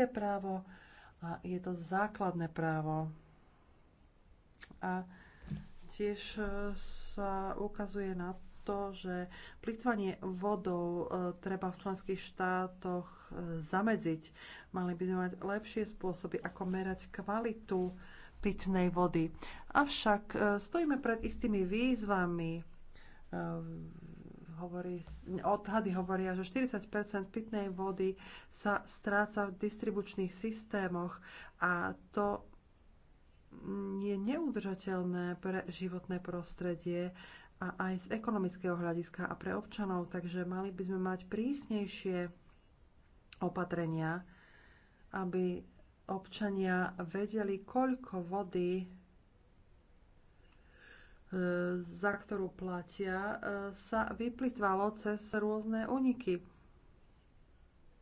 ľudské právo a je to základné právo. A tiež e, sa ukazuje na to, že plýtvanie vodou e, treba v členských štátoch e, zamedziť. Mali by sme mať lepšie spôsoby, ako merať kvalitu pitnej vody. Avšak stojíme pred istými výzvami hovorí, odhady hovoria, že 40 pitnej vody sa stráca v distribučných systémoch a to je neudržateľné pre životné prostredie a aj z ekonomického hľadiska a pre občanov, takže mali by sme mať prísnejšie opatrenia, aby občania vedeli, koľko vody E, za ktorú platia, e, sa vyplitvalo cez rôzne úniky.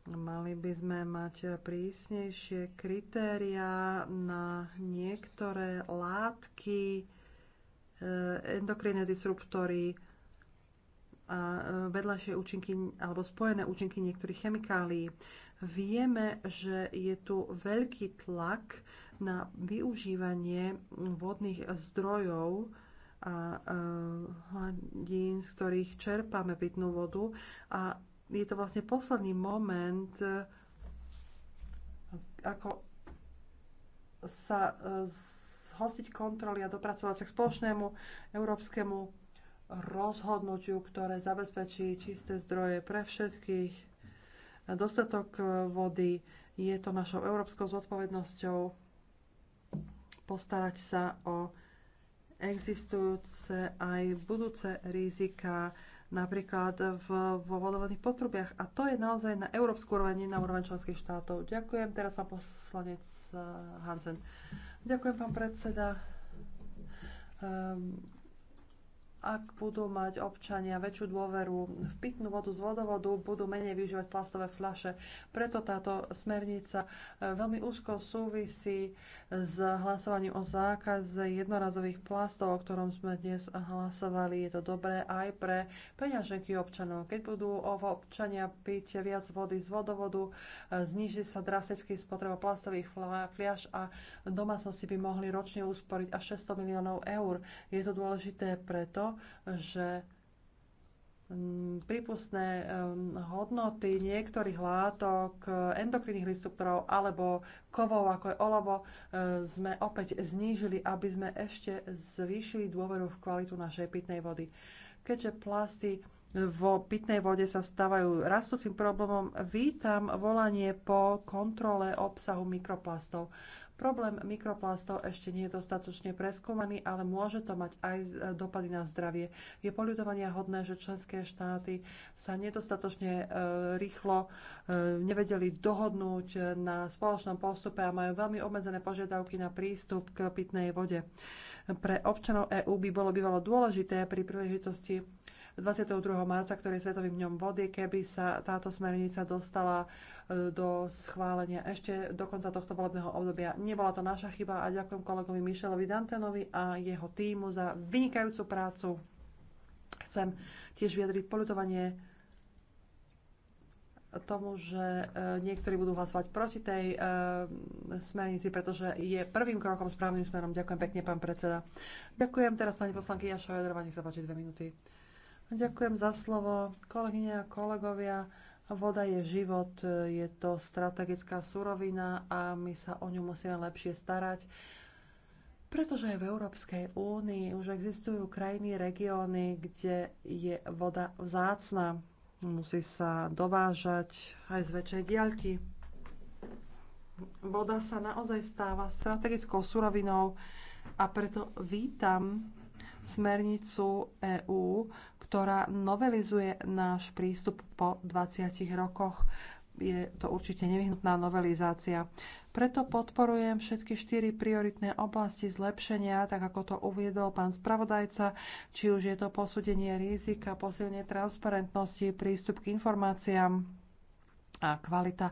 Mali by sme mať prísnejšie kritéria na niektoré látky, e, endokrinné disruptory a vedľajšie účinky alebo spojené účinky niektorých chemikálií. Vieme, že je tu veľký tlak na využívanie vodných zdrojov, a hladín, z ktorých čerpáme pitnú vodu. A je to vlastne posledný moment, e, ako sa e, zhostiť kontroly a dopracovať sa k spoločnému európskemu rozhodnutiu, ktoré zabezpečí čisté zdroje pre všetkých, dostatok e, vody. Je to našou európskou zodpovednosťou postarať sa o existujúce aj budúce rizika, napríklad v, vo vodovodných potrubiach. A to je naozaj na európsku úroveň, na úroveň členských štátov. Ďakujem. Teraz pán poslanec eh, Hansen. Ďakujem, pán predseda. Um, ak budú mať občania väčšiu dôveru v pitnú vodu z vodovodu, budú menej využívať plastové fľaše. Preto táto smernica e, veľmi úzko súvisí s hlasovaním o zákaze jednorazových plastov, o ktorom sme dnes hlasovali. Je to dobré aj pre peňaženky občanov. Keď budú občania piť viac vody z vodovodu, e, zniží sa drasticky spotreba plastových fľaš a domácnosti by mohli ročne usporiť až 600 miliónov eur. Je to dôležité preto, že mm, prípustné mm, hodnoty niektorých látok, endokrinných receptorov alebo kovov, ako je olovo, e, sme opäť znížili, aby sme ešte zvýšili dôveru v kvalitu našej pitnej vody. Keďže plasty vo pitnej vode sa stávajú rastúcim problémom, vítam volanie po kontrole obsahu mikroplastov. Problém mikroplastov ešte nie je dostatočne preskúmaný, ale môže to mať aj dopady na zdravie. Je poľutovania hodné, že členské štáty sa nedostatočne e, rýchlo e, nevedeli dohodnúť e, na spoločnom postupe a majú veľmi obmedzené požiadavky na prístup k pitnej vode. Pre občanov EÚ by bolo bývalo dôležité pri príležitosti 22. marca, ktorý je Svetovým dňom vody, keby sa táto smernica dostala e, do schválenia ešte do konca tohto volebného obdobia. Nebola to naša chyba a ďakujem kolegovi Mišelovi Dantenovi a jeho týmu za vynikajúcu prácu. Chcem tiež vyjadriť poľutovanie tomu, že e, niektorí budú hlasovať proti tej e, smernici, pretože je prvým krokom správnym smerom. Ďakujem pekne, pán predseda. Ďakujem teraz pani Jašo Šojedrova, nech sa páči dve minúty. Ďakujem za slovo. Kolegyne a kolegovia, voda je život, je to strategická surovina a my sa o ňu musíme lepšie starať. Pretože aj v Európskej únii už existujú krajiny, regióny, kde je voda vzácna. Musí sa dovážať aj z väčšej diaľky. Voda sa naozaj stáva strategickou surovinou a preto vítam smernicu EÚ, ktorá novelizuje náš prístup po 20 rokoch. Je to určite nevyhnutná novelizácia. Preto podporujem všetky štyri prioritné oblasti zlepšenia, tak ako to uviedol pán spravodajca, či už je to posúdenie rizika, posilnenie transparentnosti, prístup k informáciám a kvalita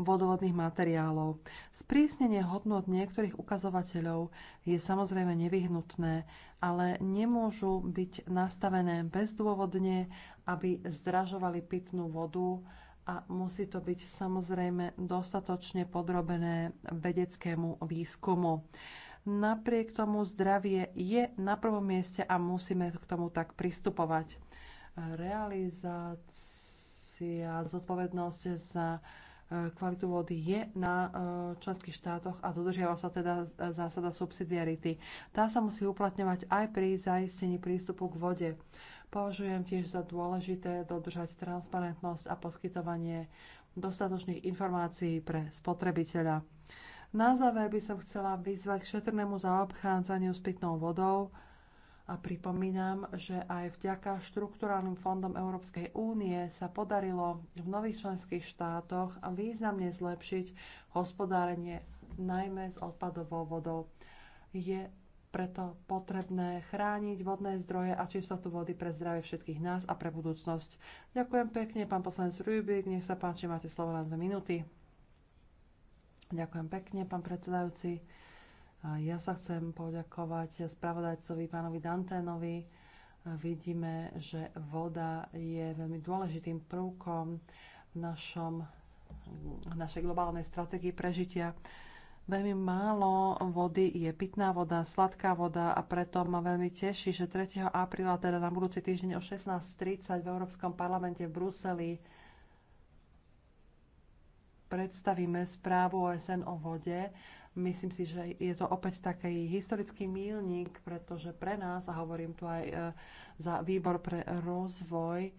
vodovodných materiálov. Sprísnenie hodnot niektorých ukazovateľov je samozrejme nevyhnutné, ale nemôžu byť nastavené bezdôvodne, aby zdražovali pitnú vodu a musí to byť samozrejme dostatočne podrobené vedeckému výskumu. Napriek tomu zdravie je na prvom mieste a musíme k tomu tak pristupovať. Realizácia, zodpovednosť za kvalitu vody je na eh, členských štátoch a dodržiava sa teda eh, zásada subsidiarity. Tá sa musí uplatňovať aj pri zaistení prístupu k vode. Považujem tiež za dôležité dodržať transparentnosť a poskytovanie dostatočných informácií pre spotrebiteľa. Na záver by som chcela vyzvať k šetrnému zaobchádzaniu s pitnou vodou, a pripomínam, že aj vďaka štrukturálnym fondom Európskej únie sa podarilo v nových členských štátoch významne zlepšiť hospodárenie najmä s odpadovou vodou. Je preto potrebné chrániť vodné zdroje a čistotu vody pre zdravie všetkých nás a pre budúcnosť. Ďakujem pekne, pán poslanec Rubik, nech sa páči, máte slovo na dve minúty. Ďakujem pekne, pán predsedajúci ja sa chcem poďakovať spravodajcovi pánovi Danténovi. Vidíme, že voda je veľmi dôležitým prvkom v, našom, v našej globálnej stratégii prežitia. Veľmi málo vody je pitná voda, sladká voda a preto ma veľmi teší, že 3. apríla, teda na budúci týždeň o 16.30 v Európskom parlamente v Bruseli predstavíme správu OSN o vode Myslím si, že je to opäť taký historický mílnik, pretože pre nás, a hovorím tu aj e, za výbor pre rozvoj, e,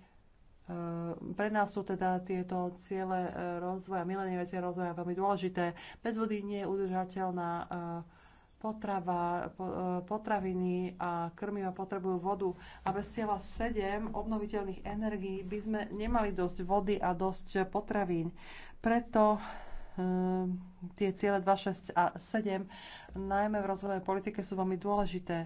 pre nás sú teda tieto ciele e, rozvoja, milenie veci rozvoja veľmi dôležité. Bez vody nie je udržateľná potrava, potraviny a krmiva potrebujú vodu. A bez cieľa 7 obnoviteľných energií by sme nemali dosť vody a dosť potravín. Preto Ehm, tie ciele 2, 6 a 7, najmä v rozvojovej politike, sú veľmi dôležité.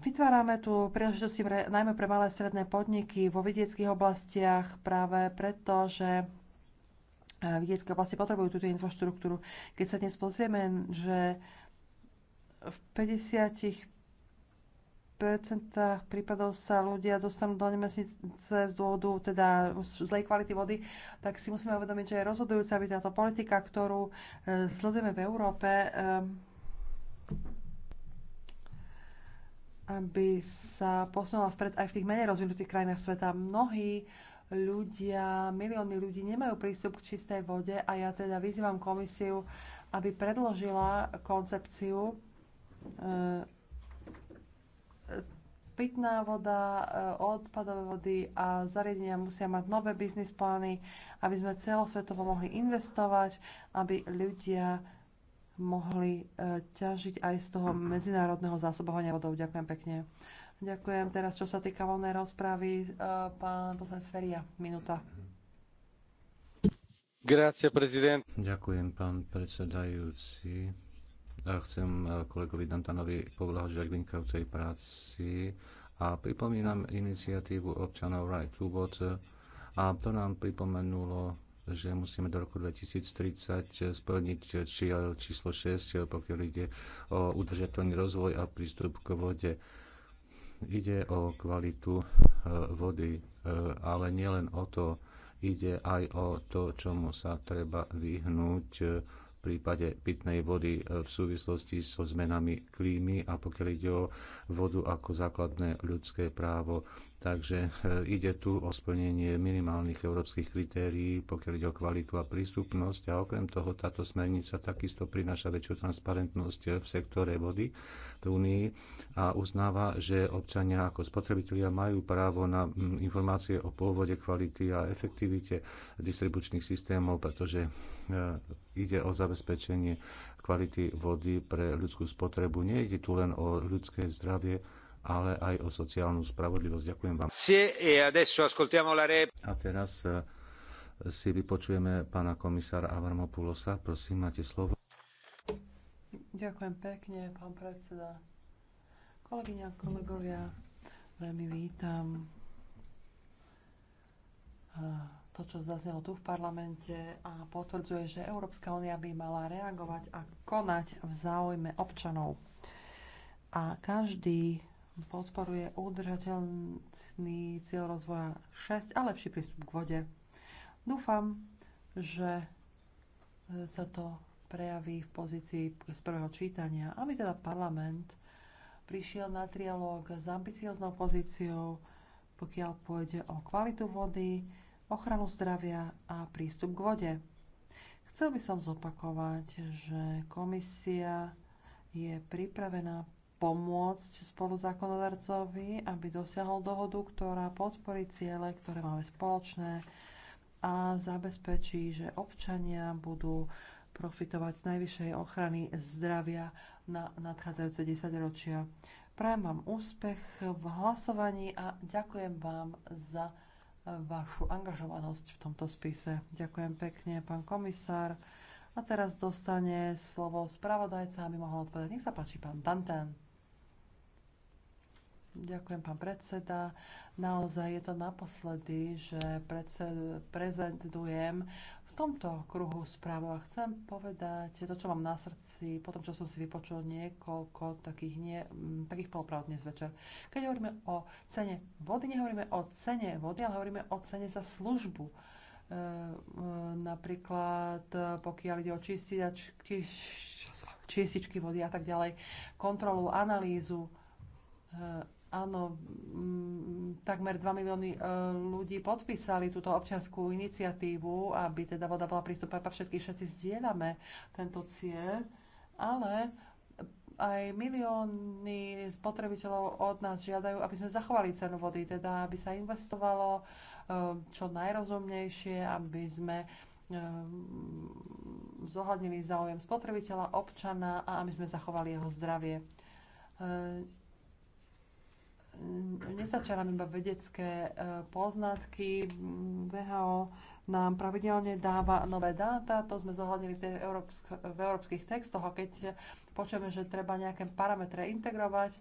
Vytvárame tu príležitosti pre, najmä pre malé a stredné podniky vo vidieckých oblastiach práve preto, že e, vidiecké oblasti potrebujú túto infraštruktúru. Keď sa dnes pozrieme, že v 50 percentách prípadov sa ľudia dostanú do nemocnice z dôvodu teda zlej kvality vody, tak si musíme uvedomiť, že je rozhodujúca, aby táto politika, ktorú eh, sledujeme v Európe, eh, aby sa posunula vpred aj v tých menej rozvinutých krajinách sveta. Mnohí ľudia, milióny ľudí nemajú prístup k čistej vode a ja teda vyzývam komisiu, aby predložila koncepciu eh, pitná voda, e, odpadové vody a zariadenia musia mať nové biznis plány, aby sme celosvetovo mohli investovať, aby ľudia mohli e, ťažiť aj z toho medzinárodného zásobovania vodou. Ďakujem pekne. Ďakujem. Teraz, čo sa týka voľnej rozpravy, e, pán poslanec Feria, minúta. Grazie, prezident. Ďakujem, pán predsedajúci Chcem e, kolegovi Dantanovi poblahožiť k vynikajúcej práci a pripomínam iniciatívu občanov Right to Water a to nám pripomenulo, že musíme do roku 2030 splniť čiel číslo 6, pokiaľ ide o udržateľný rozvoj a prístup k vode. Ide o kvalitu e, vody, e, ale nielen o to, ide aj o to, čomu sa treba vyhnúť prípade pitnej vody e, v súvislosti so zmenami klímy a pokiaľ ide o vodu ako základné ľudské právo. Takže e, ide tu o splnenie minimálnych európskych kritérií, pokiaľ ide o kvalitu a prístupnosť. A okrem toho táto smernica takisto prináša väčšiu transparentnosť e, v sektore vody v Únii a uznáva, že občania ako spotrebitelia majú právo na informácie o pôvode kvality a efektivite distribučných systémov, pretože e, ide o zabezpečenie kvality vody pre ľudskú spotrebu. Nejde tu len o ľudské zdravie, ale aj o sociálnu spravodlivosť. Ďakujem vám. E a teraz eh, si vypočujeme pána komisára Avramopulosa. Prosím, máte slovo. Ďakujem pekne, pán predseda. Kolegyňa, kolegovia, veľmi vítam eh, to, čo zaznelo tu v parlamente a potvrdzuje, že Európska únia by mala reagovať a konať v záujme občanov. A každý podporuje udržateľný cieľ rozvoja 6 a lepší prístup k vode. Dúfam, že e, sa to prejaví v pozícii z prvého čítania, aby teda parlament prišiel na trialóg s ambicioznou pozíciou, pokiaľ pôjde o kvalitu vody, ochranu zdravia a prístup k vode. Chcel by som zopakovať, že komisia je pripravená pomôcť zákonodarcovi, aby dosiahol dohodu, ktorá podporí ciele, ktoré máme spoločné a zabezpečí, že občania budú profitovať z najvyššej ochrany zdravia na nadchádzajúce 10 ročia. Prajem vám úspech v hlasovaní a ďakujem vám za vašu angažovanosť v tomto spise. Ďakujem pekne, pán komisár. A teraz dostane slovo spravodajca, aby mohol odpovedať. Nech sa páči, pán Dantan. Ďakujem, pán predseda. Naozaj je to naposledy, že predsed, prezentujem v tomto kruhu správu a chcem povedať to, čo mám na srdci, po tom, čo som si vypočul niekoľko takých, nie, takých polopravd dnes večer. Keď hovoríme o cene vody, nehovoríme o cene vody, ale hovoríme o cene za službu. E, e, napríklad pokiaľ ide o čistiačky, čističky vody a tak ďalej, kontrolu, analýzu, e, Áno, mm, takmer 2 milióny e, ľudí podpísali túto občianskú iniciatívu, aby teda voda bola prístupná pre všetkých. Všetci zdieľame tento cieľ, ale aj milióny spotrebiteľov od nás žiadajú, aby sme zachovali cenu vody, teda aby sa investovalo e, čo najrozumnejšie, aby sme e, zohľadnili záujem spotrebiteľa, občana a aby sme zachovali jeho zdravie Mm, nezačerám iba vedecké e, poznatky. Mm, VHO nám pravidelne dáva nové dáta, to sme zohľadnili v, európsk- v európskych textoch a keď počujeme, že treba nejaké parametre integrovať,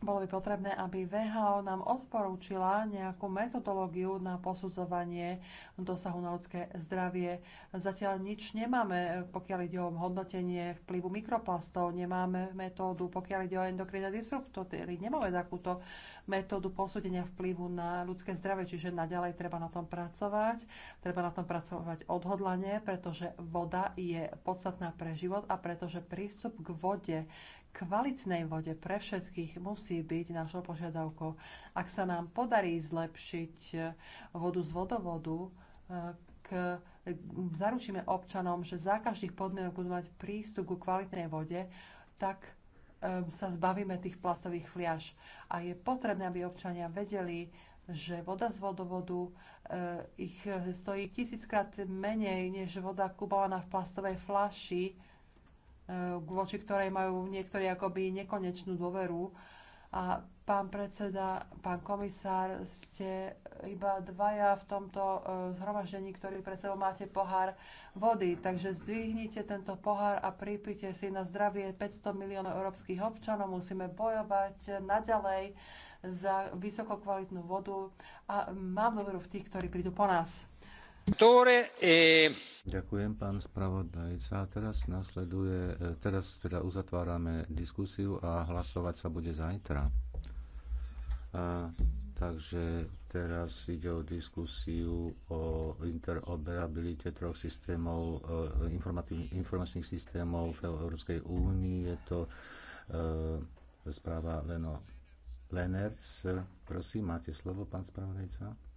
bolo by potrebné, aby VHO nám odporúčila nejakú metodológiu na posudzovanie dosahu na ľudské zdravie. Zatiaľ nič nemáme, pokiaľ ide o hodnotenie vplyvu mikroplastov, nemáme metódu, pokiaľ ide o endokrinné disruptory, nemáme takúto metódu posúdenia vplyvu na ľudské zdravie, čiže naďalej treba na tom pracovať. Treba na tom pracovať odhodlane, pretože voda je podstatná pre život a pretože prístup k vode kvalitnej vode pre všetkých musí byť našou požiadavkou. Ak sa nám podarí zlepšiť eh, vodu z vodovodu, eh, k, eh, zaručíme občanom, že za každých podmienok budú mať prístup ku kvalitnej vode, tak um, sa zbavíme tých plastových fliaž. A je potrebné, aby občania vedeli, že voda z vodovodu uh, ich stojí tisíckrát menej než voda kubovaná v plastovej flaši Eh, voči ktorej majú niektorí akoby nekonečnú dôveru. A pán predseda, pán komisár, ste iba dvaja v tomto eh, zhromaždení, ktorý pred sebou máte pohár vody. Takže zdvihnite tento pohár a pripite si na zdravie 500 miliónov európskych občanov. Musíme bojovať naďalej za vysokokvalitnú vodu a mám dôveru v tých, ktorí prídu po nás. E- Ďakujem, pán spravodajca. Teraz nasleduje, e, teraz teda uzatvárame diskusiu a hlasovať sa bude zajtra. A, takže teraz ide o diskusiu o interoperabilite troch systémov, e, informačných systémov v Európskej únii. Je to e, správa Leno Lenertz. Prosím, máte slovo, pán spravodajca.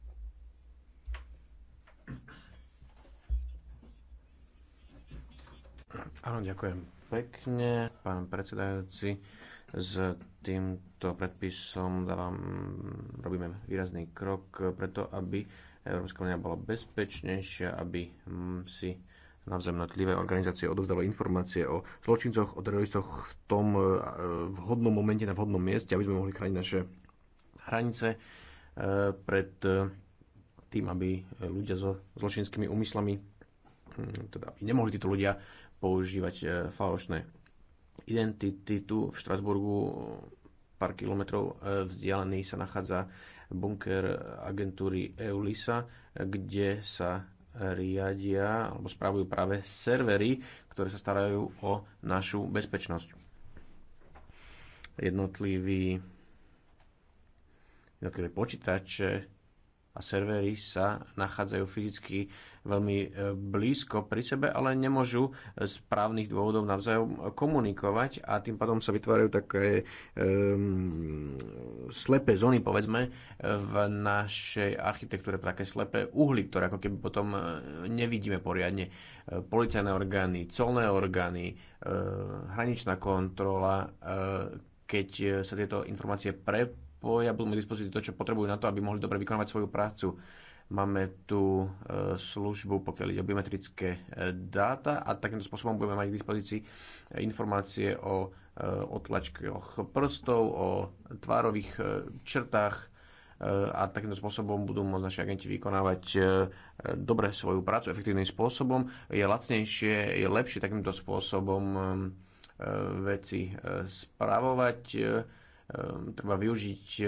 Áno, ďakujem pekne, pán predsedajúci. S týmto predpisom dávam, robíme výrazný krok preto, aby Európska únia bola bezpečnejšia, aby mm, si navzájom tlivé organizácie odovzdali informácie o zločincoch, o teroristoch v tom e, vhodnom momente na vhodnom mieste, aby sme mohli chrániť naše hranice e, pred tým, aby ľudia so zločinskými úmyslami, mm, teda aby nemohli títo ľudia používať e, falošné identity. Tu v Štrasburgu pár kilometrov e, vzdialený sa nachádza bunker agentúry EULISA, kde sa riadia alebo spravujú práve servery, ktoré sa starajú o našu bezpečnosť. Jednotlivý jednotlivé počítače, a servery sa nachádzajú fyzicky veľmi e, blízko pri sebe, ale nemôžu z právnych dôvodov navzájom komunikovať a tým pádom sa vytvárajú také um, slepé zóny, povedzme, v našej architektúre, také slepé uhly, ktoré ako keby potom e, nevidíme poriadne. E, policajné orgány, colné orgány, hraničná kontrola, keď sa tieto informácie pre spoja, budú mať dispozícii to, čo potrebujú na to, aby mohli dobre vykonávať svoju prácu. Máme tu e, službu, pokiaľ ide o biometrické e, dáta a takýmto spôsobom budeme mať k dispozícii e, informácie o otlačkoch prstov, o tvárových črtách a takýmto spôsobom budú môcť naši agenti vykonávať dobre svoju prácu efektívnym spôsobom. Je lacnejšie, je lepšie takýmto spôsobom veci spravovať Ehm, treba využiť e,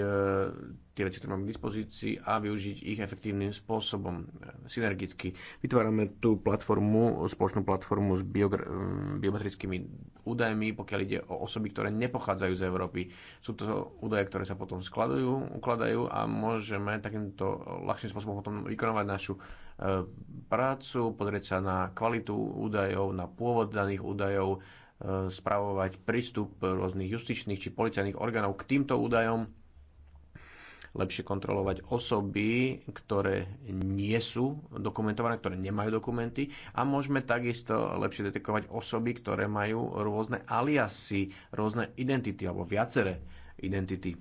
tie veci, ktoré máme k dispozícii a využiť ich efektívnym spôsobom, e, synergicky. Vytvárame tú platformu, spoločnú platformu s e, biometrickými údajmi, pokiaľ ide o osoby, ktoré nepochádzajú z Európy. Sú to údaje, ktoré sa potom skladujú, ukladajú a môžeme takýmto ľahším spôsobom potom vykonovať našu prácu, pozrieť sa na kvalitu údajov, na pôvod daných údajov, E, spravovať prístup rôznych justičných či policajných orgánov k týmto údajom, lepšie kontrolovať osoby, ktoré nie sú dokumentované, ktoré nemajú dokumenty a môžeme takisto lepšie detekovať osoby, ktoré majú rôzne aliasy, rôzne identity alebo viaceré identity.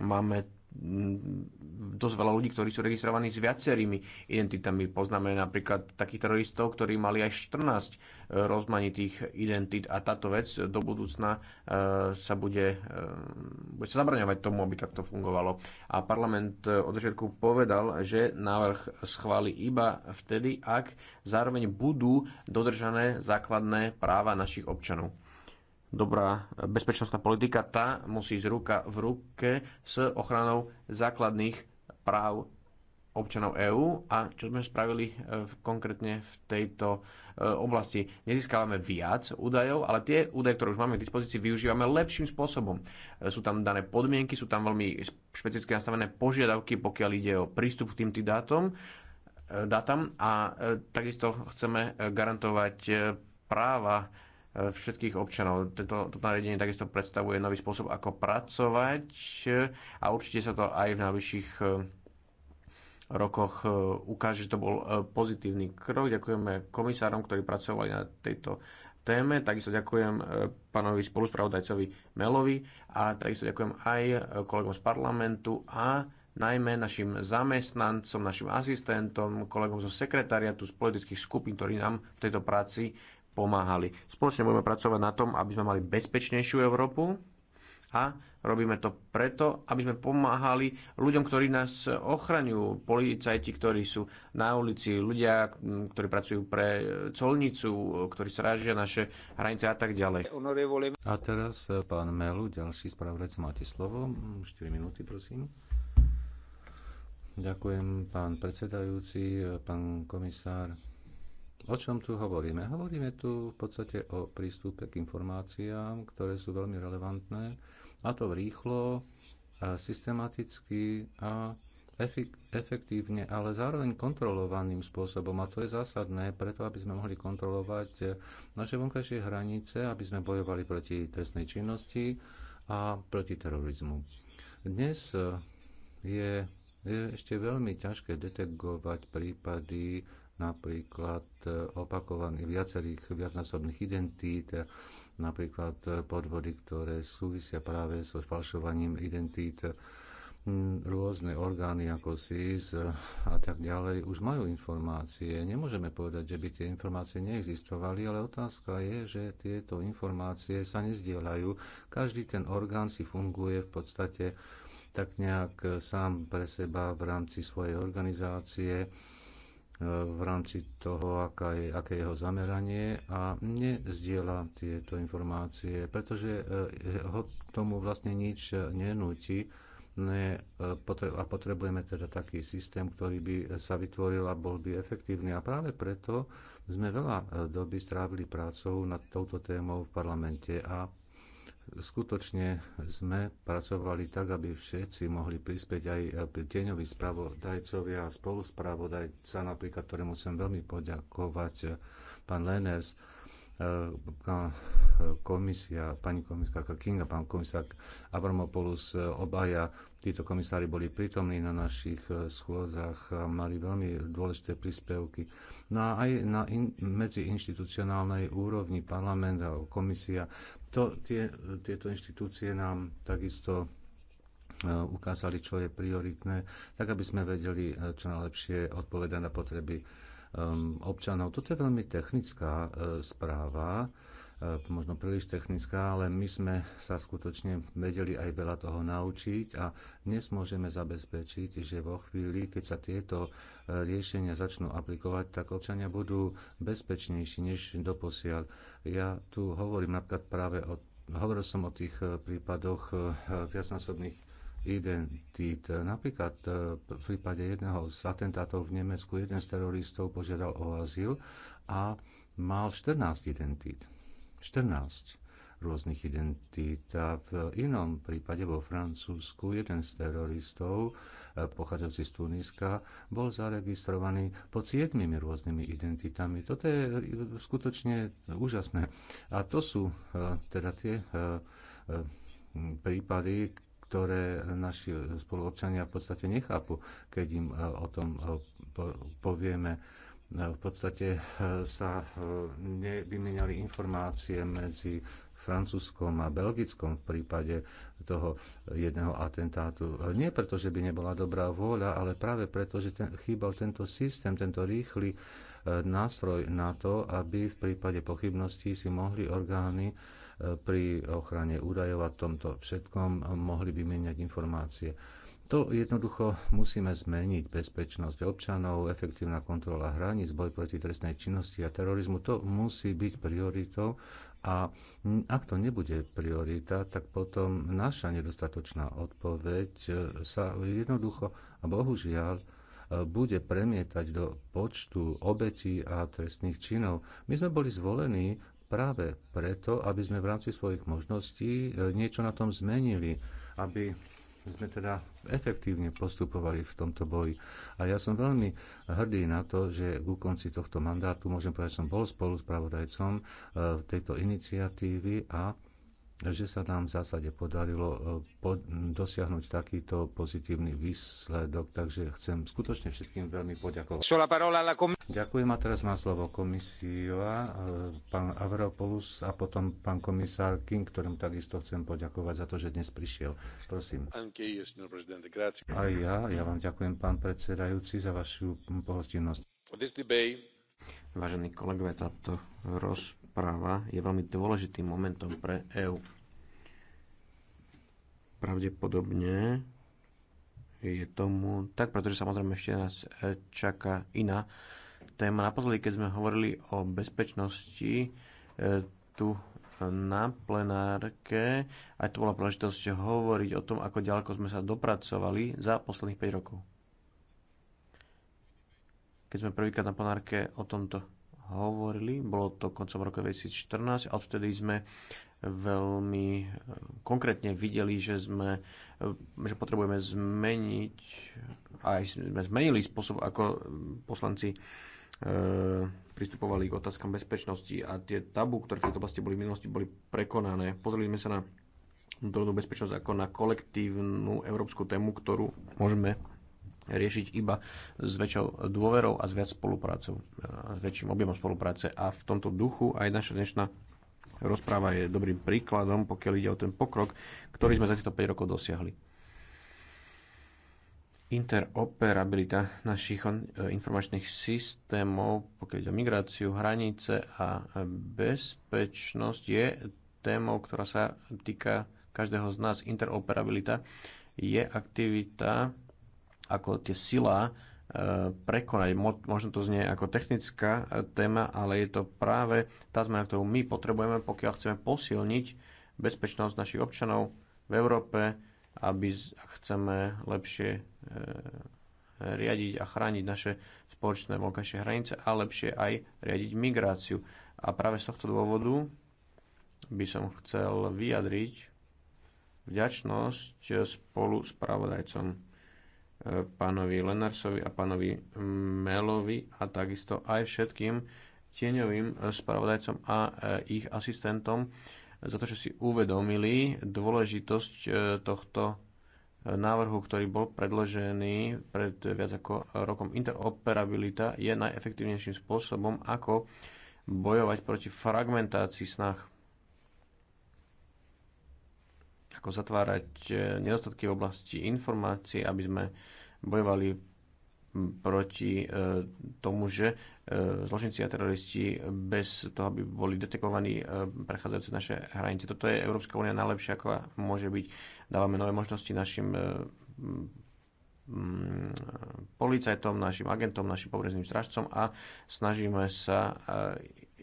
Máme Mm, dosť veľa ľudí, ktorí sú registrovaní s viacerými identitami. Poznáme napríklad takých teroristov, ktorí mali aj 14 e, rozmanitých identít a táto vec do budúcna e, sa bude, e, bude sa zabraňovať tomu, aby takto fungovalo. A parlament od začiatku povedal, že návrh schváli iba vtedy, ak zároveň budú dodržané základné práva našich občanov dobrá bezpečnostná politika, tá musí ísť ruka v ruke s ochranou základných práv občanov EÚ a čo sme spravili e, konkrétne v tejto e, oblasti. Nezískávame viac údajov, ale tie údaje, ktoré už máme k dispozícii, využívame lepším spôsobom. E, sú tam dané podmienky, sú tam veľmi špecificky nastavené požiadavky, pokiaľ ide o prístup k týmto tým dátom, dátam a takisto chceme garantovať práva E, všetkých občanov. Tento, toto nariadenie takisto predstavuje nový spôsob, ako pracovať e, a určite sa to aj v najbližších e, rokoch ukáže, že to bol pozitívny krok. Ďakujeme komisárom, ktorí pracovali na tejto téme. Takisto ďakujem pánovi spoluspravodajcovi Melovi a takisto ďakujem aj kolegom z parlamentu a najmä našim zamestnancom, našim asistentom, kolegom zo sekretariatu, z politických skupín, ktorí nám v tejto práci pomáhali. Spoločne budeme pracovať na tom, aby sme mali bezpečnejšiu Európu a robíme to preto, aby sme pomáhali ľuďom, ktorí nás ochraňujú, policajti, ktorí sú na ulici, ľudia, ktorí pracujú pre colnicu, ktorí strážia naše hranice a tak ďalej. A teraz e, pán Melu, ďalší spravodajc, máte slovo. 4 minúty, prosím. Ďakujem, pán predsedajúci, e, pán komisár, O čom tu hovoríme? Hovoríme tu v podstate o prístupe k informáciám, ktoré sú veľmi relevantné, a to rýchlo, a systematicky a efektívne, ale zároveň kontrolovaným spôsobom. A to je zásadné preto, aby sme mohli kontrolovať naše vonkajšie hranice, aby sme bojovali proti trestnej činnosti a proti terorizmu. Dnes je, je ešte veľmi ťažké detegovať prípady napríklad e, opakovaný viacerých viacnásobných identít, e, napríklad e, podvody, ktoré súvisia práve so falšovaním identít, rôzne orgány ako SIS a tak ďalej už majú informácie. Nemôžeme povedať, že by tie informácie neexistovali, ale otázka je, že tieto informácie sa nezdielajú. Každý ten orgán si funguje v podstate tak nejak sám pre seba v rámci svojej organizácie E, v rámci toho, aká je, aké je jeho zameranie a nezdieľa tieto informácie, pretože e, ho tomu vlastne nič nenúti e, a potrebujeme teda taký systém, ktorý by sa vytvoril a bol by efektívny. A práve preto sme veľa doby strávili prácou nad touto témou v parlamente a skutočne sme pracovali tak, aby všetci mohli prispieť aj tieňoví spravodajcovia a spoluspravodajca, napríklad ktorému chcem veľmi poďakovať, pán Leners, e, komisia, pani komisárka Kinga, pán komisár Avramopoulos, obaja títo komisári boli prítomní na našich eh, schôdzach a mali veľmi dôležité príspevky. No a aj na in, medziinstitucionálnej úrovni parlament a komisia, to, tie, tieto inštitúcie nám takisto eh, ukázali, čo je prioritné, tak aby sme vedeli eh, čo najlepšie odpovedať na potreby ehm, občanov. Toto je veľmi technická správa, E, možno príliš technická, ale my sme sa skutočne vedeli aj veľa toho naučiť a dnes môžeme zabezpečiť, že vo chvíli, keď sa tieto e, riešenia začnú aplikovať, tak občania budú bezpečnejší než doposiaľ. Ja tu hovorím napríklad práve o hovoril som o tých e, prípadoch viacnásobných identít. Napríklad v prípade jedného z atentátov v Nemecku jeden z teroristov požiadal o azyl a mal 14 identít. 14 rôznych identít. A v inom prípade vo Francúzsku jeden z teroristov, e, pochádzajúci z Tuniska, bol zaregistrovaný pod siedmimi rôznymi identitami. Toto je e, skutočne úžasné. A to sú e, teda tie prípady, ktoré naši spoluobčania v podstate nechápu, keď im o tom povieme No, v podstate eh, sa eh, nevymenali informácie medzi Francúzskom a Belgickom v prípade toho jedného atentátu. Nie preto, že by nebola dobrá vôľa, ale práve preto, že ten, chýbal tento systém, tento rýchly eh, nástroj na to, aby v prípade pochybností si mohli orgány pri ochrane údajov a tomto všetkom mohli vymeniať informácie. To jednoducho musíme zmeniť. Bezpečnosť občanov, efektívna kontrola hraníc, boj proti trestnej činnosti a terorizmu, to musí byť prioritou. A ak to nebude priorita, tak potom naša nedostatočná odpoveď sa jednoducho a bohužiaľ bude premietať do počtu obetí a trestných činov. My sme boli zvolení práve preto, aby sme v rámci svojich možností niečo na tom zmenili, aby sme teda efektívne postupovali v tomto boji. A ja som veľmi hrdý na to, že ku konci tohto mandátu, môžem povedať, som bol spolu pravodajcom eh, tejto iniciatívy a že sa nám v zásade podarilo e, pod, dosiahnuť takýto pozitívny výsledok, takže chcem skutočne všetkým veľmi poďakovať. Ďakujem a teraz má slovo komisia, e, pán Avropolus a potom pán komisár King, ktorým takisto chcem poďakovať za to, že dnes prišiel. Prosím. A ja, ja vám ďakujem, pán predsedajúci, za vašu pohostinnosť. Vážení kolegovia, táto roz, práva je veľmi dôležitým momentom pre EÚ. Pravdepodobne je tomu tak, pretože samozrejme ešte nás e, čaká iná téma. Naposledy, keď sme hovorili o bezpečnosti e, tu na plenárke, aj to bola príležitosť hovoriť o tom, ako ďaleko sme sa dopracovali za posledných 5 rokov. Keď sme prvýkrát na plenárke o tomto hovorili, bolo to koncom roka 2014 a odtedy sme veľmi eh, konkrétne videli, že, sme, eh, že potrebujeme zmeniť, aj sme zmenili spôsob, ako eh, poslanci e, pristupovali k otázkam bezpečnosti a tie tabu, ktoré v tejto oblasti boli v minulosti, boli prekonané. Pozreli sme sa na vnútornú bezpečnosť ako na kolektívnu európsku tému, ktorú môžeme riešiť iba s väčšou dôverou a s viac spoluprácou, s väčším objemom spolupráce. A v tomto duchu aj naša dnešná rozpráva je dobrým príkladom, pokiaľ ide o ten pokrok, ktorý sme za týchto 5 rokov dosiahli. Interoperabilita našich eh, informačných systémov, pokiaľ ide o migráciu, hranice a bezpečnosť, je témou, ktorá sa týka každého z nás. Interoperabilita je aktivita, ako tie sila e, prekonať. Možno to znie ako technická e, téma, ale je to práve tá zmena, ktorú my potrebujeme, pokiaľ chceme posilniť bezpečnosť našich občanov v Európe, aby chceme lepšie e, riadiť a chrániť naše spoločné vonkajšie hranice a lepšie aj riadiť migráciu. A práve z tohto dôvodu by som chcel vyjadriť vďačnosť spolu s pravodajcom pánovi Lenarsovi a pánovi Melovi a takisto aj všetkým tieňovým spravodajcom a e, ich asistentom za to, že si uvedomili dôležitosť e, tohto e, návrhu, ktorý bol predložený pred viac ako rokom. Interoperabilita je najefektívnejším spôsobom, ako bojovať proti fragmentácii snah. Ako zatvárať nedostatky v oblasti informácií, aby sme bojovali hm, proti e, tomu, že e, zločinci a teroristi bez toho, aby boli detekovaní, e, prechádzajú cez naše hranice. Toto je Európska únia najlepšia, ako môže byť. Dávame nové možnosti našim hm, hm, policajtom, našim agentom, našim pobrezným strážcom a snažíme sa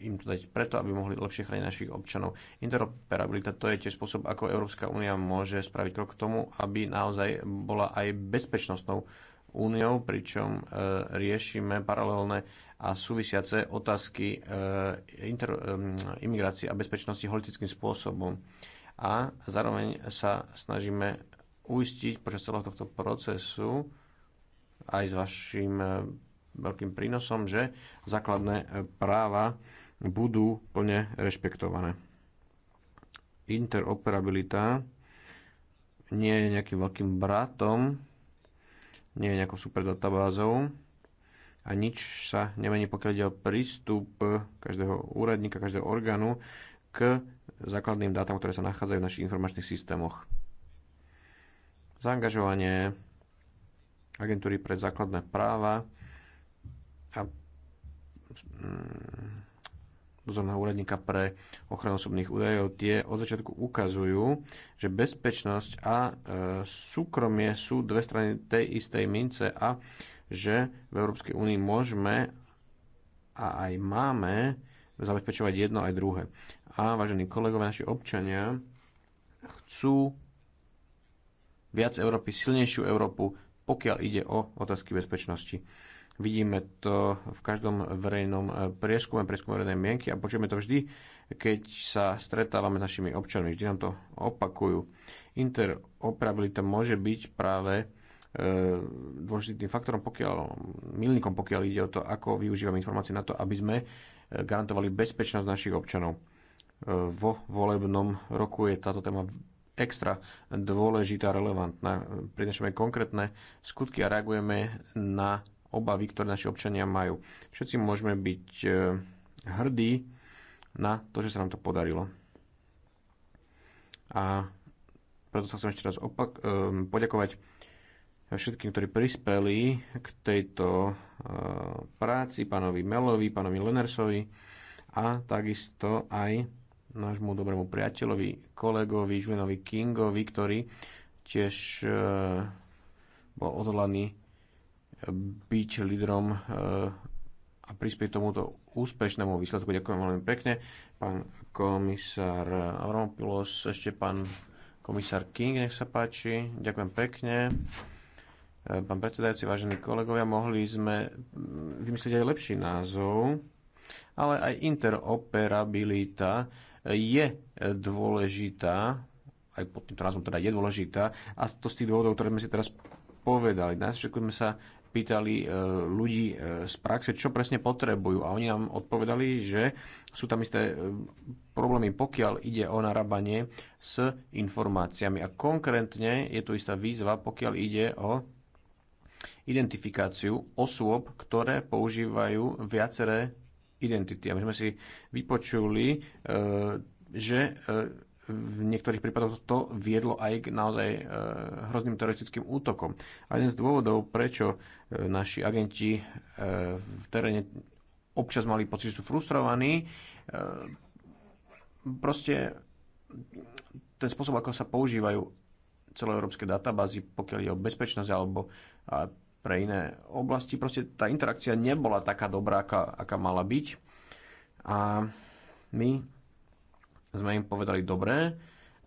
im to dať preto, aby mohli lepšie chrániť našich občanov. Interoperabilita to je tiež spôsob, ako Európska únia môže spraviť krok k tomu, aby naozaj bola aj bezpečnostnou úniou, pričom e, riešime paralelné a súvisiace otázky e, inter, e, imigrácie a bezpečnosti holistickým spôsobom. A zároveň sa snažíme uistiť počas celého tohto procesu aj s vašim e, veľkým prínosom, že základné e, práva budú plne rešpektované. Interoperabilita nie je nejakým veľkým bratom, nie je nejakou databázou a nič sa nemení, pokiaľ ide o prístup každého úradníka, každého orgánu k základným dátam, ktoré sa nachádzajú v našich informačných systémoch. Zaangažovanie agentúry pre základné práva a mm, dozorného úradníka pre ochranu osobných údajov, tie od začiatku ukazujú, že bezpečnosť a e, súkromie sú dve strany tej istej mince a že v Európskej únii môžeme a aj máme zabezpečovať jedno aj druhé. A vážení kolegovia, naši občania chcú viac Európy, silnejšiu Európu, pokiaľ ide o otázky bezpečnosti. Vidíme to v každom verejnom prieskume, prieskume verejnej mienky a počujeme to vždy, keď sa stretávame s našimi občanmi. Vždy nám to opakujú. Interoperabilita môže byť práve e, dôležitým faktorom, pokiaľ, milníkom, pokiaľ ide o to, ako využívame informácie na to, aby sme e, garantovali bezpečnosť našich občanov. E, vo volebnom roku je táto téma extra dôležitá, relevantná. Prinašame konkrétne skutky a reagujeme na obavy, ktoré naši občania majú. Všetci môžeme byť e, hrdí na to, že sa nám to podarilo. A preto sa chcem ešte raz opak- e, poďakovať všetkým, ktorí prispeli k tejto e, práci, pánovi Melovi, pánovi Lenersovi a takisto aj nášmu dobrému priateľovi, kolegovi, Žuenovi Kingovi, ktorý tiež bol odhodlaný byť lídrom e, a prispieť tomuto úspešnému výsledku. Ďakujem veľmi pekne. Pán komisár Avramopoulos, ešte pán komisár King, nech sa páči. Ďakujem pekne. E, pán predsedajúci, vážení kolegovia, mohli sme vymyslieť aj lepší názov, ale aj interoperabilita je dôležitá, aj pod týmto názvom teda je dôležitá, a to z tých dôvodov, ktoré sme si teraz povedali. Na sme sa pýtali e, ľudí e, z praxe, čo presne potrebujú. A oni nám odpovedali, že sú tam isté e, problémy, pokiaľ ide o narábanie s informáciami. A konkrétne je tu istá výzva, pokiaľ ide o identifikáciu osôb, ktoré používajú viaceré identity. A my sme si vypočuli, že v niektorých prípadoch to viedlo aj k naozaj e, hrozným teroristickým útokom. A jeden z dôvodov, prečo e, naši agenti e, v teréne občas mali pocit, že sú frustrovaní, proste ten spôsob, ako sa používajú celoeurópske databázy, pokiaľ je o bezpečnosť alebo pre iné oblasti, proste tá interakcia nebola taká dobrá, aká, aká mala byť. A my sme im povedali, dobré.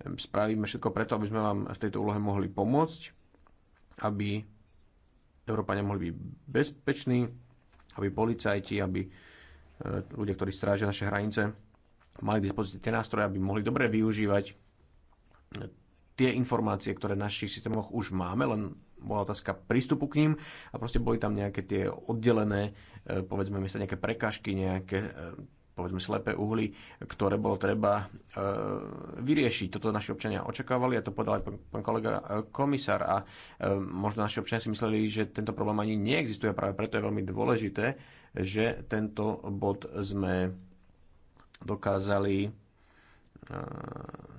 spravíme všetko preto, aby sme vám v tejto úlohe mohli pomôcť, aby Európania mohli byť bezpeční, aby policajti, aby e, ľudia, ktorí strážia naše hranice, mali k dispozícii tie nástroje, aby mohli dobre využívať tie informácie, ktoré v našich systémoch už máme, len bola otázka prístupu k ním a proste boli tam nejaké tie oddelené, e, povedzme sa, nejaké prekažky, nejaké e, povedzme slepé uhly, ktoré bolo treba e, vyriešiť. Toto naši občania očakávali a to povedal aj pán kolega e, komisár a e, možno naši občania si mysleli, že tento problém ani neexistuje práve preto je veľmi dôležité, že tento bod sme dokázali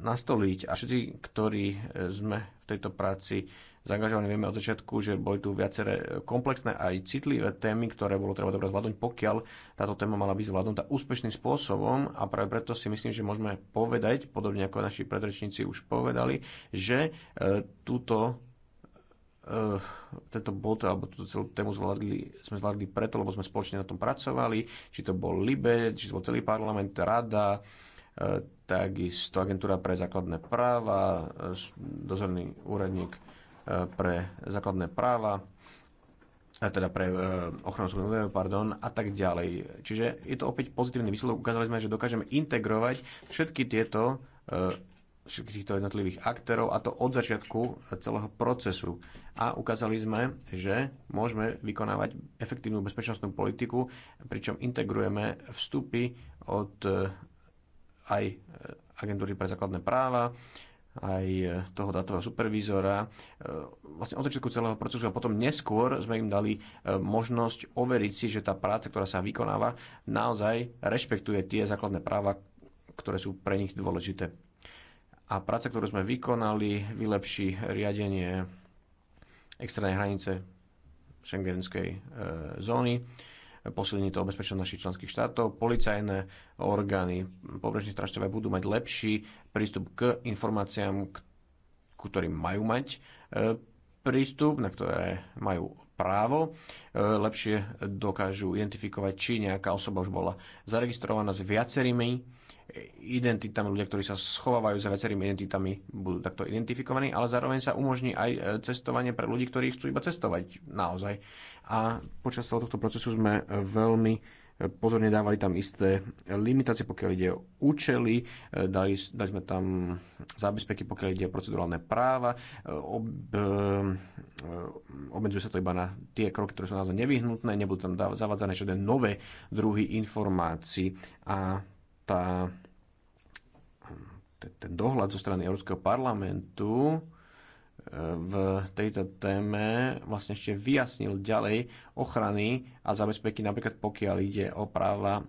nastoliť a všetci, ktorí sme v tejto práci zaangažovaní. Vieme od začiatku, že boli tu viaceré komplexné aj citlivé témy, ktoré bolo treba dobre zvládnuť, pokiaľ táto téma mala byť zvládnutá úspešným spôsobom a práve preto si myslím, že môžeme povedať, podobne ako naši predrečníci už povedali, že e, túto e, tento bod alebo túto celú tému zvládli, sme zvládli preto, lebo sme spoločne na tom pracovali, či to bol LIBE, či to bol celý parlament, rada, e, takisto agentúra pre základné práva, dozorný úradník pre základné práva, teda pre e, ochranu súkromia, pardon, a tak ďalej. Čiže je to opäť pozitívny výsledok. Ukázali sme, že dokážeme integrovať všetky tieto e, všetkých týchto jednotlivých aktérov a to od začiatku celého procesu. A ukázali sme, že môžeme vykonávať efektívnu bezpečnostnú politiku, pričom integrujeme vstupy od e, aj agentúry pre základné práva, aj e, toho datového supervízora. E, vlastne od začiatku celého procesu a potom neskôr sme im dali e, možnosť overiť si, že tá práca, ktorá sa vykonáva, naozaj rešpektuje tie základné práva, ktoré sú pre nich dôležité. A práca, ktorú sme vykonali, vylepší riadenie extrémnej hranice šengenskej zóny posilní to bezpečnosť našich členských štátov. Policajné orgány, pobrežní strážcovia budú mať lepší prístup k informáciám, ku ktorým majú mať e, prístup, na ktoré majú právo, e, lepšie dokážu identifikovať, či nejaká osoba už bola zaregistrovaná s viacerými identitami, ľudia, ktorí sa schovávajú za viacerými identitami, budú takto identifikovaní, ale zároveň sa umožní aj e, cestovanie pre ľudí, ktorí chcú iba cestovať naozaj. A počas celého tohto procesu sme e, veľmi e, pozorne dávali tam isté limitácie, pokiaľ ide o účely, dali, dali sme tam zábezpeky, pokiaľ ide o procedurálne práva, ob, obmedzuje sa to iba na tie kroky, ktoré sú naozaj nevyhnutné, nebudú tam zavádzané žiadne nové druhy informácií a tá, ten dohľad zo strany Európskeho parlamentu e, v tejto téme vlastne ešte vyjasnil ďalej ochrany a zabezpeky, napríklad pokiaľ ide o práva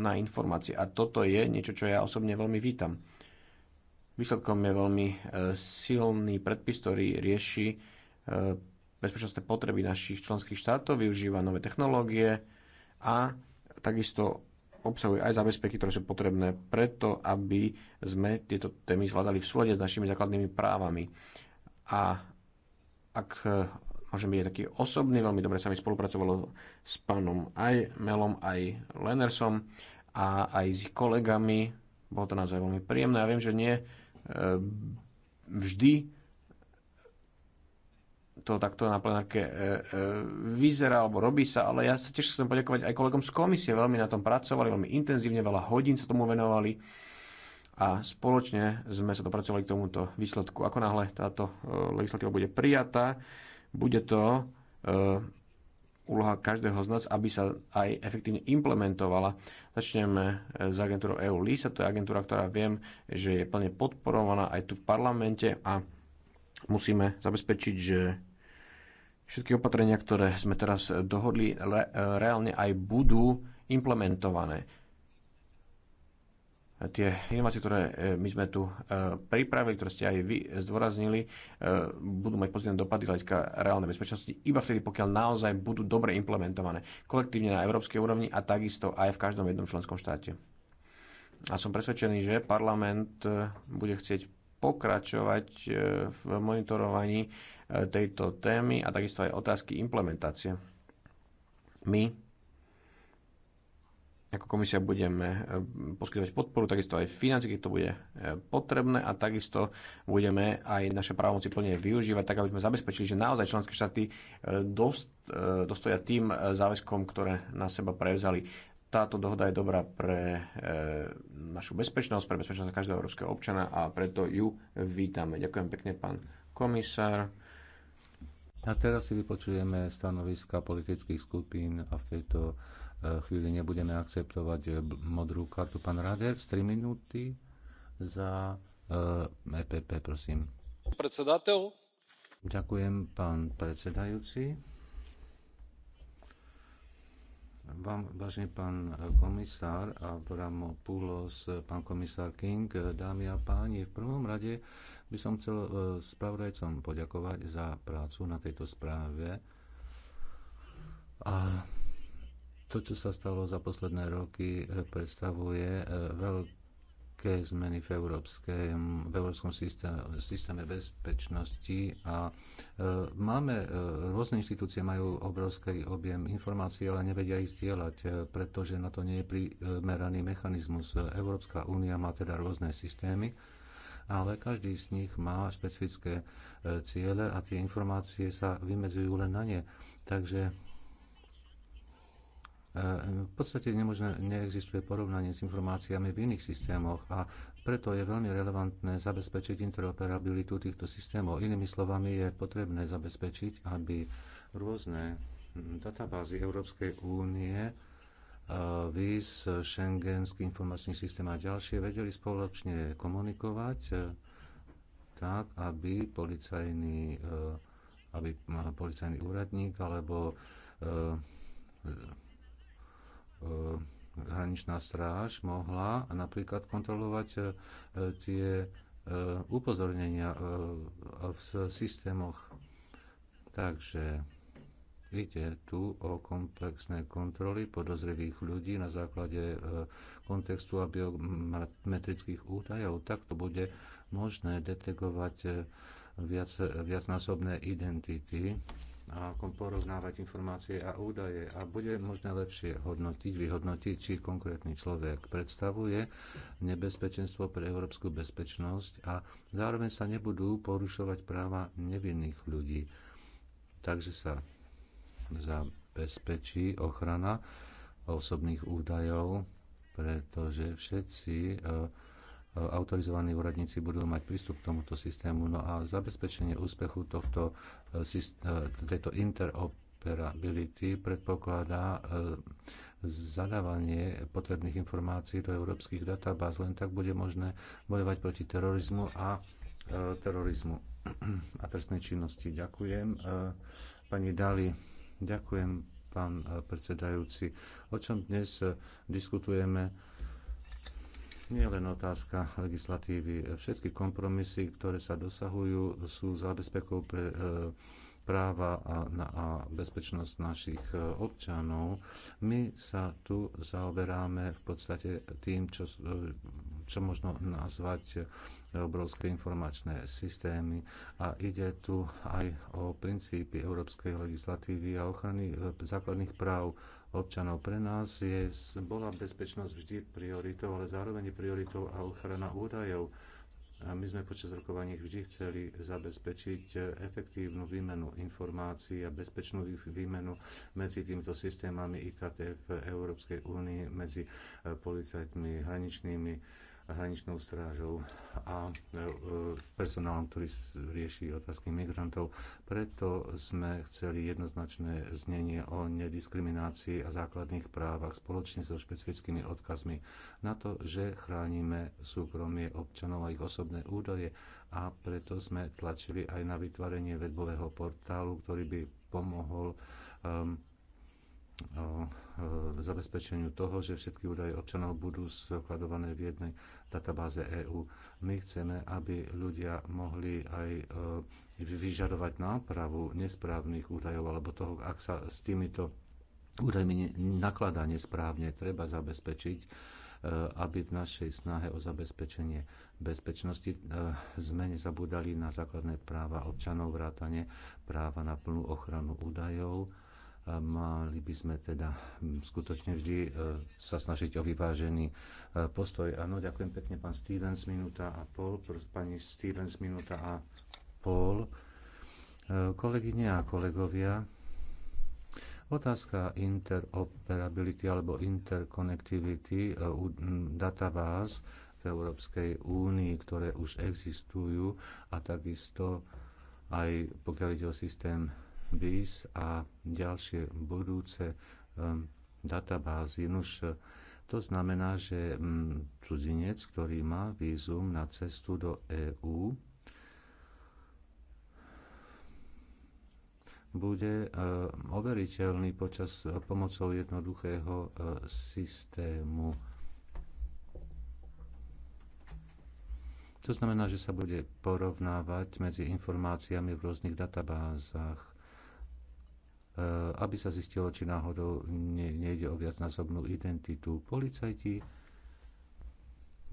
na informácie. A toto je niečo, čo ja osobne veľmi vítam. Výsledkom je veľmi e, silný predpis, ktorý rieši e, bezpečnostné potreby našich členských štátov, využíva nové technológie a takisto obsahuje aj zabezpeky, ktoré sú potrebné preto, aby sme tieto témy zvládali v súlade s našimi základnými právami. A ak eh, môžem byť taký osobný, veľmi dobre sa mi spolupracovalo s pánom aj Melom, aj Lenersom a aj s kolegami. Bolo to naozaj veľmi príjemné. Ja viem, že nie eh, vždy to takto na plenárke e, e, vyzerá alebo robí sa, ale ja sa tiež chcem poďakovať aj kolegom z komisie. Veľmi na tom pracovali, veľmi intenzívne, veľa hodín sa tomu venovali a spoločne sme sa dopracovali k tomuto výsledku. Ako náhle táto e, legislatíva bude prijatá, bude to úloha každého z nás, aby sa aj efektívne implementovala. Začneme s agentúrou EU LISA, to je agentúra, ktorá viem, že je plne podporovaná aj tu v parlamente a musíme zabezpečiť, že všetky opatrenia, ktoré sme teraz dohodli, re, e, reálne aj budú implementované. Tie inovácie, ktoré e, my sme tu e, pripravili, ktoré ste aj vy zdôraznili, budú mať pozitívne dopady hľadiska reálnej bezpečnosti iba vtedy, pokiaľ naozaj budú dobre implementované kolektívne na európskej úrovni a takisto aj v každom jednom členskom štáte. A som presvedčený, že parlament bude chcieť pokračovať v monitorovaní tejto témy a takisto aj otázky implementácie. My ako komisia budeme eh, poskytovať podporu, takisto aj financie, keď to bude eh, potrebné a takisto budeme aj naše právomoci plne využívať, tak aby sme zabezpečili, že naozaj členské štáty eh, dost, dostoja tým záväzkom, ktoré na seba prevzali. Táto dohoda je dobrá pre našu bezpečnosť, pre bezpečnosť každého európskeho občana a preto ju vítame. Ďakujem pekne, pán komisár. A teraz si vypočujeme stanoviska politických skupín a v tejto e, chvíli nebudeme akceptovať e, modrú kartu. Pán Rader, 3 minúty za EPP, e prosím. Predsedateľ. Ďakujem, pán predsedajúci. Vám, vážený pán komisár Avramopoulos, pán komisár King, dámy a páni, v prvom rade by som chcel e, spravodajcom poďakovať za prácu na tejto správe. A to, čo sa stalo za posledné roky, e, predstavuje e, veľké zmeny v, v európskom systéme, systéme bezpečnosti a máme, rôzne inštitúcie majú obrovský objem informácií, ale nevedia ich zdieľať, pretože na to nie je primeraný mechanizmus. Európska únia má teda rôzne systémy, ale každý z nich má špecifické e, ciele a tie informácie sa vymedzujú len na ne. Takže e, v podstate nemožné, neexistuje porovnanie s informáciami v iných systémoch a preto je veľmi relevantné zabezpečiť interoperabilitu týchto systémov. Inými slovami je potrebné zabezpečiť, aby rôzne databázy Európskej únie VIS, Schengenský informačný systém a ďalšie vedeli spoločne komunikovať e, tak, aby policajný, e, aby policajný úradník alebo e, hraničná stráž mohla napríklad kontrolovať tie upozornenia v systémoch. Takže Ide tu o komplexné kontroly podozrivých ľudí na základe e, kontextu a biometrických údajov. Takto bude možné detegovať e, viac, viacnásobné identity a porovnávať informácie a údaje a bude možné lepšie hodnotiť, vyhodnotiť, či konkrétny človek predstavuje nebezpečenstvo pre európsku bezpečnosť a zároveň sa nebudú porušovať práva nevinných ľudí. Takže sa zabezpečí ochrana osobných údajov, pretože všetci e, e, autorizovaní úradníci budú mať prístup k tomuto systému. No a zabezpečenie úspechu tohto, e, tejto interoperability predpokladá zadávanie potrebných informácií do európskych databáz. Len tak bude možné bojovať proti terorizmu a terorizmu a trestnej činnosti. Ďakujem. Pani Dali, Ďakujem, pán eh, predsedajúci. O čom dnes eh, diskutujeme? Nie len otázka legislatívy. Všetky kompromisy, ktoré sa dosahujú, sú zábezpekou pre eh, práva a, a bezpečnosť našich občanov. My sa tu zaoberáme v podstate tým, čo, čo možno nazvať obrovské informačné systémy a ide tu aj o princípy európskej legislatívy a ochrany e, základných práv občanov. Pre nás je, bola bezpečnosť vždy prioritou, ale zároveň prioritou a ochrana údajov. A my sme počas rokovaní vždy chceli zabezpečiť e, efektívnu výmenu informácií a bezpečnú výmenu medzi týmito systémami IKT v Európskej únii, medzi e, policajtmi, hraničnými hraničnou strážou a e, personálom, ktorý rieši otázky migrantov. Preto sme chceli jednoznačné znenie o nediskriminácii a základných právach spoločne so špecifickými odkazmi na to, že chránime súkromie občanov a ich osobné údaje a preto sme tlačili aj na vytvorenie webového portálu, ktorý by pomohol um, o zabezpečeniu toho, že všetky údaje občanov budú skladované v jednej databáze EÚ. My chceme, aby ľudia mohli aj vyžadovať nápravu nesprávnych údajov alebo toho, ak sa s týmito údajmi nakladá nesprávne, treba zabezpečiť, aby v našej snahe o zabezpečenie bezpečnosti sme nezabúdali na základné práva občanov, vrátane práva na plnú ochranu údajov Mali by sme teda mm, skutočne vždy e, sa snažiť o vyvážený e, postoj. Áno, ďakujem pekne, pán Stevens, minúta a pol. Pani Stevens, minúta a pol. E, kolegyne a kolegovia, Otázka interoperability alebo interconnectivity databáz v Európskej únii, ktoré už existujú a takisto aj pokiaľ ide o systém BIS a ďalšie budúce um, databázy. Nuž, eh, to znamená, že mm, cudzinec, ktorý má vízum na cestu do EÚ, bude eh, overiteľný počas eh, pomocou jednoduchého systému. To znamená, že sa bude porovnávať medzi informáciami v rôznych databázach Eh, aby sa zistilo, či náhodou nejde o viacnásobnú identitu. Policajti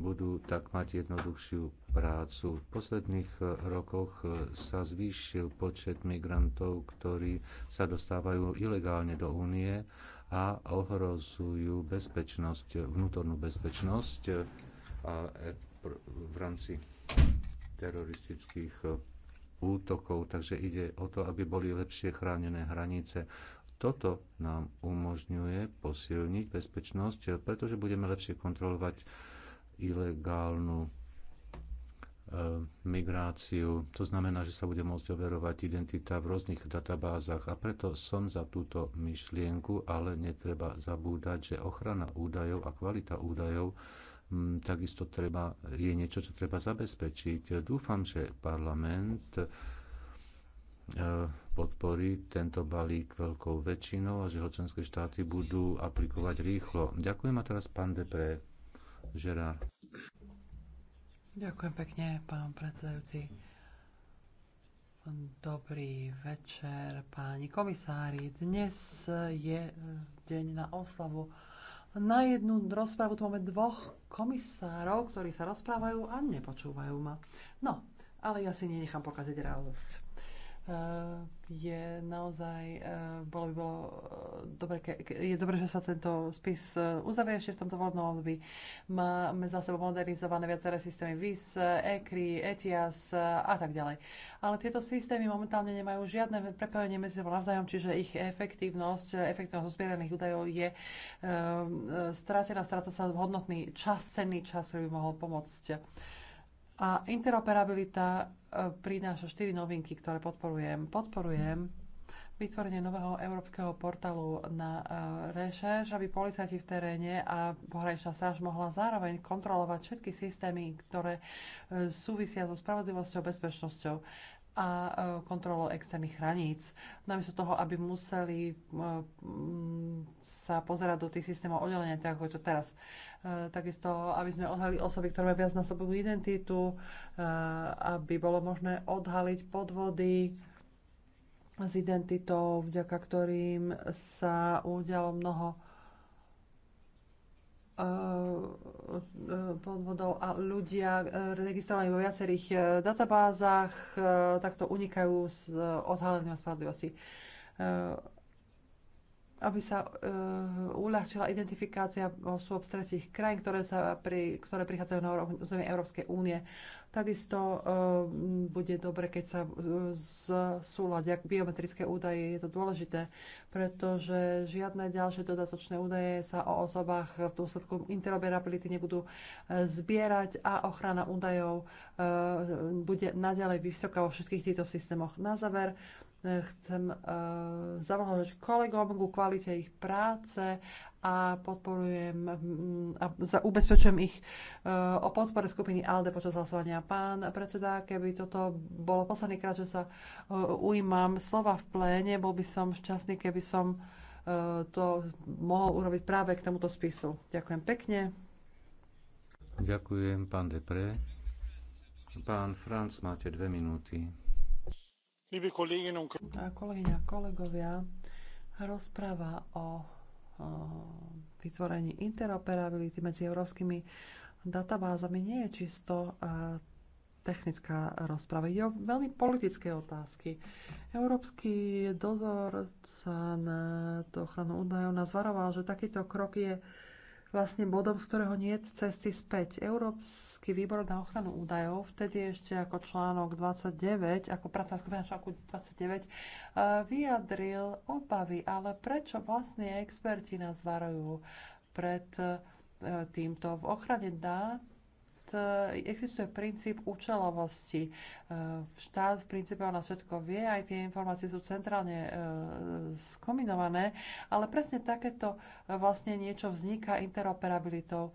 budú tak mať jednoduchšiu prácu. V posledných eh, rokoch eh, sa zvýšil počet migrantov, ktorí sa dostávajú ilegálne do únie a ohrozujú bezpečnosť, vnútornú bezpečnosť a v rámci teroristických útokov, takže ide o to, aby boli lepšie chránené hranice. Toto nám umožňuje posilniť bezpečnosť, pretože budeme lepšie kontrolovať ilegálnu e, migráciu. To znamená, že sa bude môcť overovať identita v rôznych databázach a preto som za túto myšlienku, ale netreba zabúdať, že ochrana údajov a kvalita údajov Hm, takisto treba, je niečo, čo treba zabezpečiť. Dúfam, že parlament eh, podporí tento balík veľkou väčšinou a že ho členské štáty budú aplikovať rýchlo. Ďakujem a teraz pán Depre, Žerár. Ďakujem pekne, pán predsedajúci. Dobrý večer, páni komisári. Dnes je eh, deň na oslavu na jednu rozprávu tu máme dvoch komisárov, ktorí sa rozprávajú a nepočúvajú ma. No, ale ja si nenechám pokaziť radosť je naozaj, eh, bolo by bolo eh, dobre, je dobre, že sa tento spis eh, uzavie ešte v tomto voľnom období. Máme za sebou modernizované viaceré systémy VIS, ECRI, e ETIAS a tak ďalej. Ale tieto systémy momentálne nemajú žiadne prepojenie medzi sebou navzájom, čiže ich efektívnosť, efektívnosť zbieraných údajov je stratená, stráca sa hodnotný čas, cenný čas, ktorý by mohol pomôcť a interoperabilita e, prináša štyri novinky, ktoré podporujem. Podporujem vytvorenie nového európskeho portálu na e, rešerš, aby policajti v teréne a pohraničná stráž mohla zároveň kontrolovať všetky systémy, ktoré e, súvisia so spravodlivosťou a bezpečnosťou a e, kontrolou externých hraníc. Namiesto toho, aby museli e, mm, sa pozerať do tých systémov oddelenia, tak ako je to teraz. E, takisto, aby sme odhalili osoby, ktoré majú viac viacnásobnú identitu, aby bolo možné odhaliť podvody s identitou, vďaka ktorým sa udialo mnoho Eh, podvodov a ľudia eh, registrovaní vo viacerých eh, databázach takto unikajú z odhalenia spravodlivosti aby sa uh, uľahčila identifikácia osôb z tretich krajín, ktoré, sa pri, ktoré prichádzajú na územie Európskej únie. Takisto uh, bude dobre, keď sa e, zsúľadia biometrické údaje. Je to dôležité, pretože žiadne ďalšie dodatočné údaje sa o osobách v dôsledku interoperability nebudú zbierať a ochrana údajov uh, bude naďalej vysoká vo všetkých týchto systémoch. Na záver, Chcem eh, zablahožiť kolegom ku kvalite ich práce a podporujem mm, a ubezpečujem ich eh, o podpore skupiny ALDE počas hlasovania. Pán predseda, keby toto bolo posledný krát, že sa eh, ujímam slova v pléne, bol by som šťastný, keby som to mohol urobiť práve k tomuto spisu. Ďakujem pekne. Ďakujem, pán Depre. Pán Franc, máte dve minúty. Kolegyňa, kolegovia, rozpráva o, o vytvorení interoperability medzi európskymi databázami nie je čisto a, e, technická rozprava. Je o veľmi politické otázky. Európsky dozorca na ochranu údajov nás varoval, že takýto krok je vlastne bodom, z ktorého nie je cesty späť. Európsky výbor na ochranu údajov, vtedy ešte ako článok 29, ako pracovná skupina článku 29, eh, vyjadril obavy, ale prečo vlastne experti nás varujú pred eh, týmto. V ochrane dát E, existuje princíp účelovosti. E, štát v princípe na všetko vie, aj tie informácie sú centrálne e, skombinované, ale presne takéto vlastne niečo vzniká interoperabilitou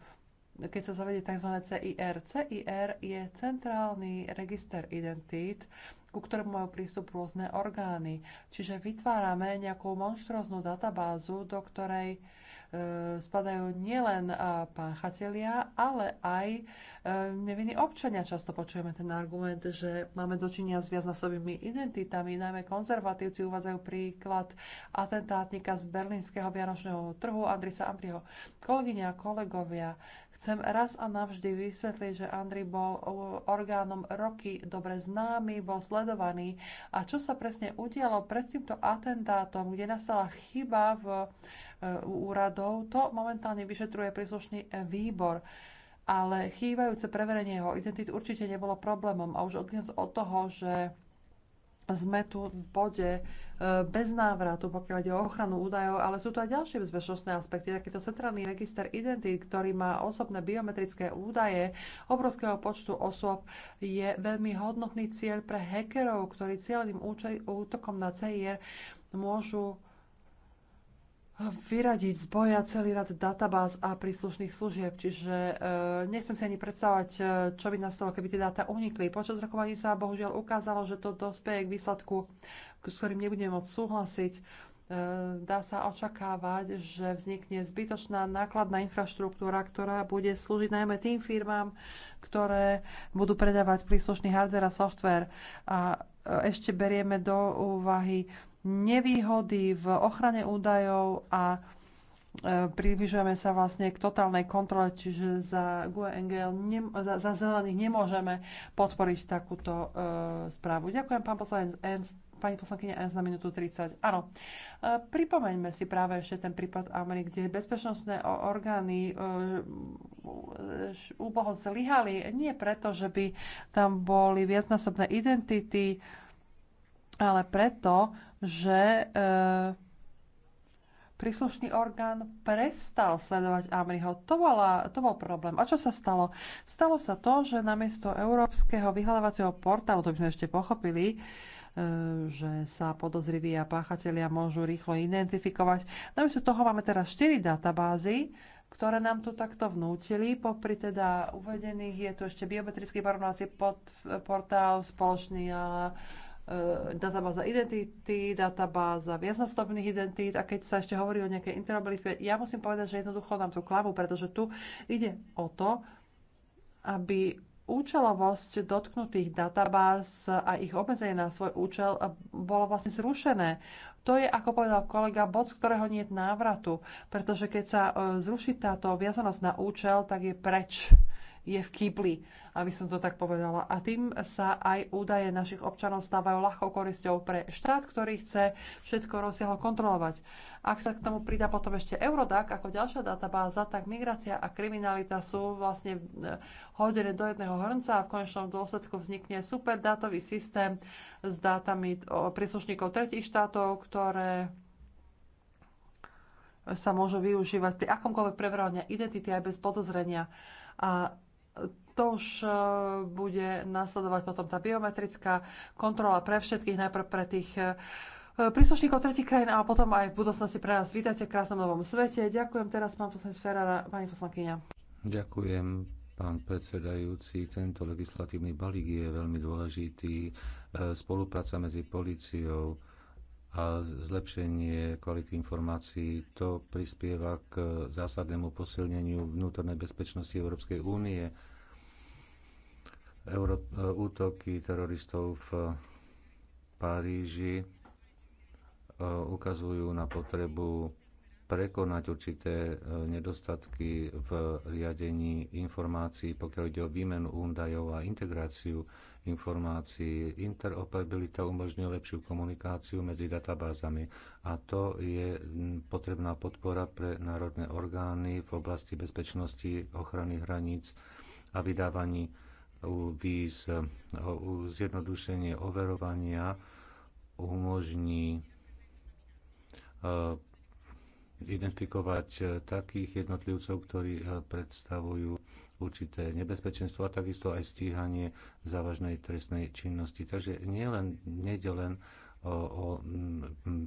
keď sa zavedie tzv. CIR. CIR je centrálny register identít, ku ktorému majú prístup rôzne orgány. Čiže vytvárame nejakú monštróznu databázu, do ktorej uh, E, spadajú nielen e, páchatelia, ale aj e, nevinní občania. Často počujeme ten argument, že máme dočinia s viacnásobými identitami. Najmä konzervatívci uvádzajú príklad atentátnika z berlínskeho vianočného trhu Andrisa Ampriho. Kolegyne a kolegovia, Chcem raz a navždy vysvetliť, že Andri bol orgánom roky dobre známy, bol sledovaný a čo sa presne udialo pred týmto atentátom, kde nastala chyba v úradov. To momentálne vyšetruje príslušný e, výbor. Ale chýbajúce preverenie jeho identity určite nebolo problémom. A už odliac od toho, že sme tu v bode e, bez návratu, pokiaľ ide o ochranu údajov, ale sú tu aj ďalšie bezpečnostné aspekty. Takýto centrálny register identity, ktorý má osobné biometrické údaje obrovského počtu osôb, je veľmi hodnotný cieľ pre hekerov, ktorí cieľným útokom na CIR môžu vyradiť z boja celý rad databáz a príslušných služieb. Čiže e, nechcem si ani predstavovať, e, čo by nastalo, keby tie dáta unikli. Počas rokovaní sa bohužiaľ ukázalo, že to dospeje k výsledku, s ktorým nebudeme môcť súhlasiť. E, dá sa očakávať, že vznikne zbytočná nákladná infraštruktúra, ktorá bude slúžiť najmä tým firmám, ktoré budú predávať príslušný hardware a software. A e, ešte berieme do úvahy nevýhody v ochrane údajov a e, približujeme sa vlastne k totálnej kontrole, čiže za GUE NGL, ne, za, za zelených nemôžeme podporiť takúto e, správu. Ďakujem, pán poslanec Ernst, pani poslankyňa Ernst na minútu 30. Áno, e, pripomeňme si práve ešte ten prípad Amery, kde bezpečnostné orgány e, úboho zlyhali, nie preto, že by tam boli viacnásobné identity, ale preto, že e, príslušný orgán prestal sledovať Amriho. To, bola, to bol problém. A čo sa stalo? Stalo sa to, že namiesto európskeho vyhľadávacieho portálu, to by sme ešte pochopili, e, že sa podozriví a páchatelia môžu rýchlo identifikovať. Namiesto toho máme teraz 4 databázy, ktoré nám tu takto vnútili. Popri teda uvedených je tu ešte biometrický porovnávací portál, spoločný a E, databáza identity, databáza viacnastopných identít a keď sa ešte hovorí o nejakej interoperabilite, ja musím povedať, že jednoducho nám tu klavu, pretože tu ide o to, aby účelovosť dotknutých databáz a ich obmedzenie na svoj účel bolo vlastne zrušené. To je, ako povedal kolega, bod, z ktorého nie je návratu, pretože keď sa e, zruší táto viazanosť na účel, tak je preč je v kýpli, aby som to tak povedala. A tým sa aj údaje našich občanov stávajú ľahkou korisťou pre štát, ktorý chce všetko rozsiaľo kontrolovať. Ak sa k tomu pridá potom ešte Eurodac ako ďalšia databáza, tak migrácia a kriminalita sú vlastne e, hodené do jedného hrnca a v konečnom dôsledku vznikne superdátový systém s dátami e, príslušníkov tretich štátov, ktoré sa môžu využívať pri akomkoľvek preverovania identity aj bez podozrenia. A to už e, bude nasledovať potom tá biometrická kontrola pre všetkých, najprv pre tých e, príslušníkov tretich krajín a potom aj v budúcnosti pre nás. Vítajte v krásnom novom svete. Ďakujem teraz pán poslanec Ferrara, pani poslankyňa. Ďakujem, pán predsedajúci. Tento legislatívny balík je veľmi dôležitý. E, spolupráca medzi policiou, a zlepšenie kvality informácií. To prispieva k zásadnému posilneniu vnútornej bezpečnosti Európskej únie. Euró- e, útoky teroristov v Paríži e, ukazujú na potrebu prekonať určité e, nedostatky v riadení informácií, pokiaľ ide o výmenu údajov a integráciu informácií. Interoperabilita umožňuje lepšiu komunikáciu medzi databázami a to je potrebná podpora pre národné orgány v oblasti bezpečnosti, ochrany hraníc a vydávaní víz. Zjednodušenie overovania umožní e, identifikovať e, takých jednotlivcov, ktorí e, predstavujú určité nebezpečenstvo a takisto aj stíhanie závažnej trestnej činnosti. Takže nie len nejde len o, o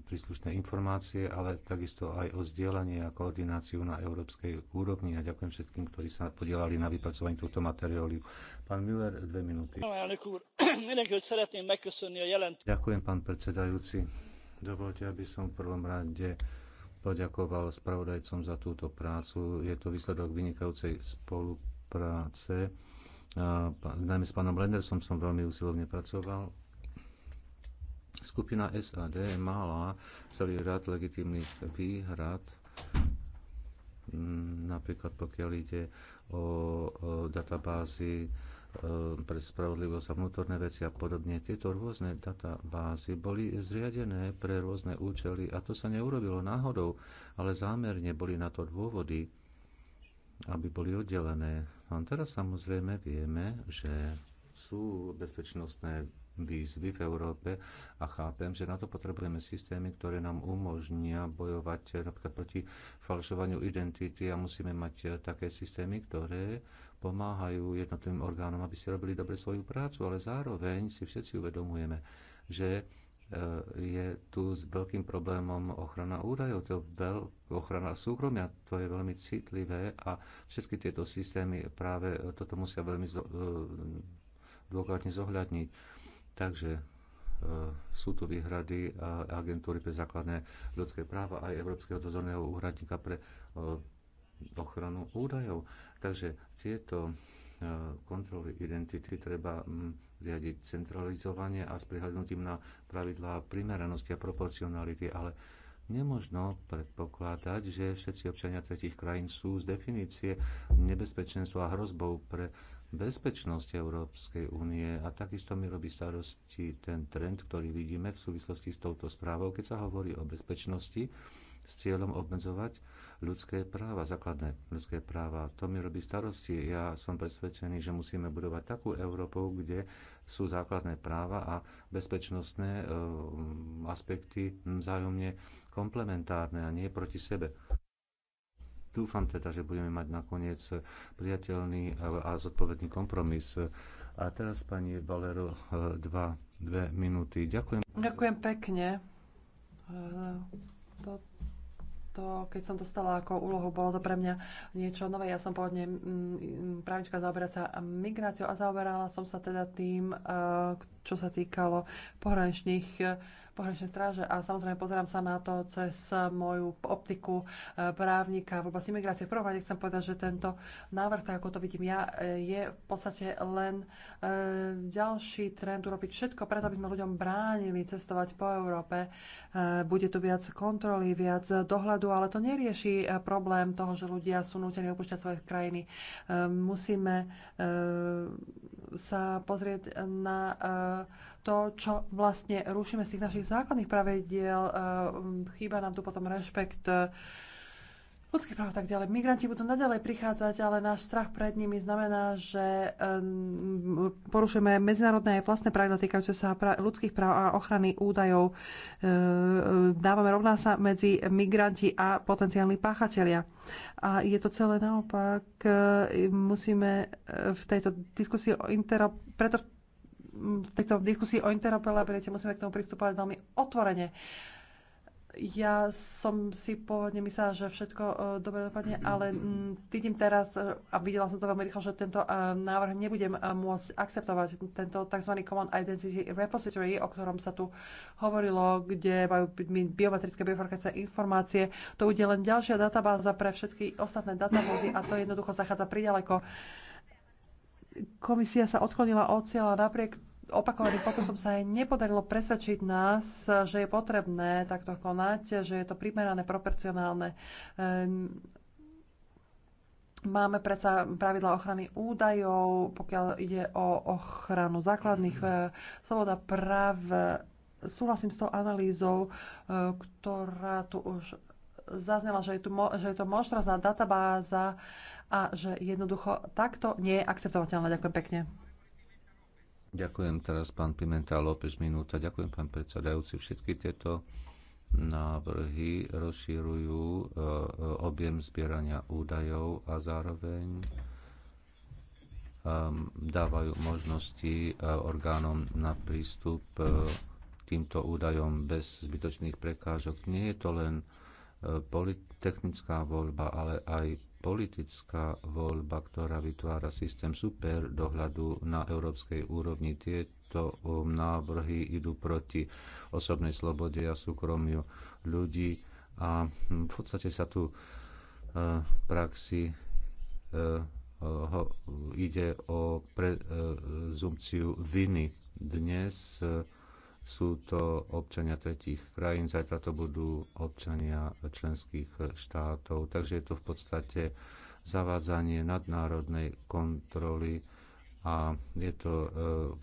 príslušné informácie, ale takisto aj o zdieľanie a koordináciu na európskej úrovni. A ďakujem všetkým, ktorí sa podielali na vypracovaní tohto materiálu. Pán Müller, dve minúty. Ďakujem, pán predsedajúci. Dovolte, aby som v prvom rade poďakoval spravodajcom za túto prácu. Je to výsledok vynikajúcej spolupráce. Najmä s pánom Lendersom som veľmi usilovne pracoval. Skupina SAD mala celý rád legitimných výhrad, mm, napríklad pokiaľ ide o databázy E, pre spravodlivosť a vnútorné veci a podobne. Tieto rôzne databázy boli zriadené pre rôzne účely a to sa neurobilo náhodou, ale zámerne boli na to dôvody, aby boli oddelené. No a teraz samozrejme vieme, že sú bezpečnostné výzvy v Európe a chápem, že na to potrebujeme systémy, ktoré nám umožnia bojovať napríklad proti falšovaniu identity a musíme mať také systémy, ktoré pomáhajú jednotlivým orgánom, aby si robili dobre svoju prácu, ale zároveň si všetci uvedomujeme, že e, je tu s veľkým problémom ochrana údajov, to veľ, ochrana súkromia, to je veľmi citlivé a všetky tieto systémy práve toto musia veľmi e, dôkladne zohľadniť. Takže e, sú tu výhrady agentúry pre základné ľudské práva aj Európskeho dozorného úradníka pre ochranu údajov. Takže tieto e, kontroly identity treba mm, riadiť centralizovanie a s prihľadnutím na pravidlá primeranosti a proporcionality, ale nemožno predpokladať, že všetci občania tretich krajín sú z definície nebezpečenstva a hrozbou pre bezpečnosť Európskej únie a takisto mi robí starosti ten trend, ktorý vidíme v súvislosti s touto správou, keď sa hovorí o bezpečnosti s cieľom obmedzovať ľudské práva, základné ľudské práva. To mi robí starosti. Ja som presvedčený, že musíme budovať takú Európu, kde sú základné práva a bezpečnostné eh, aspekty vzájomne komplementárne a nie proti sebe. Dúfam teda, že budeme mať nakoniec priateľný a zodpovedný kompromis. A teraz, pani Valero, eh, dva, dve minúty. Ďakujem. Ďakujem pekne. Eh, to to, keď som dostala ako úlohu, bolo to pre mňa niečo nové. Ja som pôvodne mm, mm, právnička zaoberať sa migráciou a zaoberala som sa teda tým, eh, čo sa týkalo pohraničných eh, pohraničnej stráže a samozrejme pozerám sa na to cez moju optiku e, právnika v oblasti imigrácie. V prvom rade chcem povedať, že tento návrh, tak ako to vidím ja, e, je v podstate len e, ďalší trend urobiť všetko preto, aby sme ľuďom bránili cestovať po Európe. Bude tu viac kontroly, viac dohľadu, ale to nerieši problém toho, že ľudia sú nútení opúšťať svoje krajiny. Musíme sa pozrieť na eh, to, čo vlastne rušíme z tých našich základných pravidiel. Eh, chýba nám tu potom rešpekt eh, Ľudské práv tak ďalej. Migranti budú naďalej prichádzať, ale náš strach pred nimi znamená, že ehm, porušujeme medzinárodné aj vlastné pravidla týkajúce sa ľudských práv a ochrany údajov. Ehm, ehm, dávame rovná sa medzi migranti a potenciálni páchatelia. A je to celé naopak. Musíme v tejto diskusii o interop... Preto v tejto diskusii o interoperabilite musíme k tomu pristúpať veľmi otvorene ja som si pôvodne myslela, že všetko uh, dobre dopadne, ale m, mm, vidím teraz, uh, a videla som to veľmi rýchlo, že tento uh, návrh nebudem uh, môcť akceptovať. Tento tzv. Common Identity Repository, o ktorom sa tu hovorilo, kde majú biometrické bioforkácie informácie, to bude len ďalšia databáza pre všetky ostatné databázy a to jednoducho zachádza pridaleko. Komisia sa odklonila od cieľa napriek opakovaným pokusom sa aj nepodarilo presvedčiť nás, že je potrebné takto konať, že je to primerané, proporcionálne. Ehm, máme predsa pravidla ochrany údajov, pokiaľ ide o ochranu základných e, sloboda práv. Súhlasím s tou analýzou, e, ktorá tu už zaznela, že je, tu, že je to monštrazná databáza a že jednoducho takto nie je akceptovateľné. Ďakujem pekne. Ďakujem teraz pán Pimenta López minúta. Ďakujem pán predsedajúci. Všetky tieto návrhy rozšírujú e, e, objem zbierania údajov a zároveň ehm, dávajú možnosti e, orgánom na prístup týmto údajom bez zbytočných prekážok. Nie je to len polit- technická voľba, ale aj politická voľba, ktorá vytvára systém super dohľadu na európskej úrovni. Tieto um, návrhy idú proti osobnej slobode a súkromiu ľudí a hm, v podstate sa tu e, v praxi e, ide o prezumciu viny. Dnes e, sú to občania tretích krajín, zajtra to budú občania členských štátov. Takže je to v podstate zavádzanie nadnárodnej kontroly a je to e,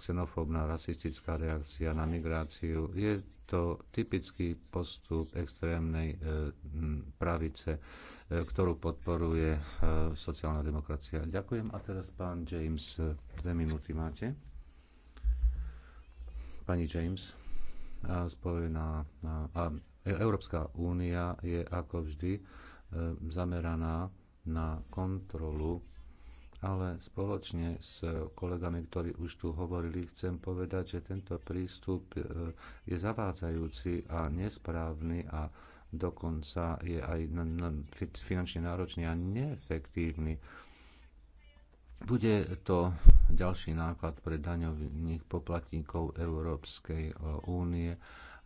xenofóbna rasistická reakcia na migráciu. Je to typický postup extrémnej e, pravice, e, ktorú podporuje sociálna demokracia. Ďakujem a teraz pán James, dve minúty máte. Pani James, spojená, a Európska únia je ako vždy e, zameraná na kontrolu, ale spoločne s kolegami, ktorí už tu hovorili, chcem povedať, že tento prístup e, je zavádzajúci a nesprávny a dokonca je aj finančne náročný a neefektívny bude to ďalší náklad pre daňových poplatníkov Európskej e, únie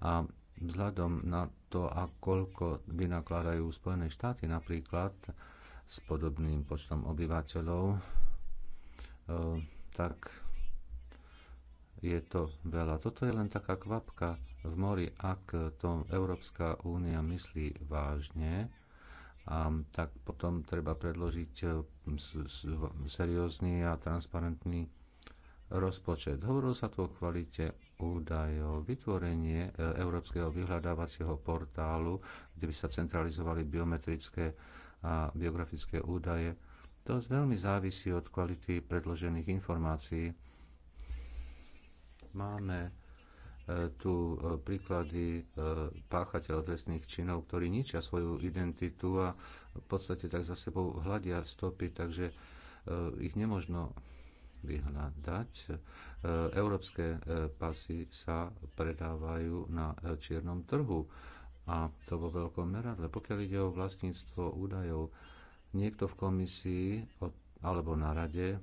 a vzhľadom na to, a koľko vynakladajú Spojené štáty napríklad s podobným počtom obyvateľov, e, tak je to veľa. Toto je len taká kvapka v mori, ak to Európska únia myslí vážne a tak potom treba predložiť e, seriózny a transparentný rozpočet. Hovorilo sa tu o kvalite údajov, vytvorenie e, európskeho vyhľadávacieho portálu, kde by sa centralizovali biometrické a biografické údaje. To veľmi závisí od kvality predložených informácií. Máme tu e, príklady e, páchateľov trestných činov, ktorí ničia svoju identitu a v podstate tak za sebou hľadia stopy, takže e, ich nemožno vyhľadať. Európske pasy sa predávajú na čiernom trhu a to vo veľkom meradle. Pokiaľ ide o vlastníctvo údajov, niekto v komisii alebo na rade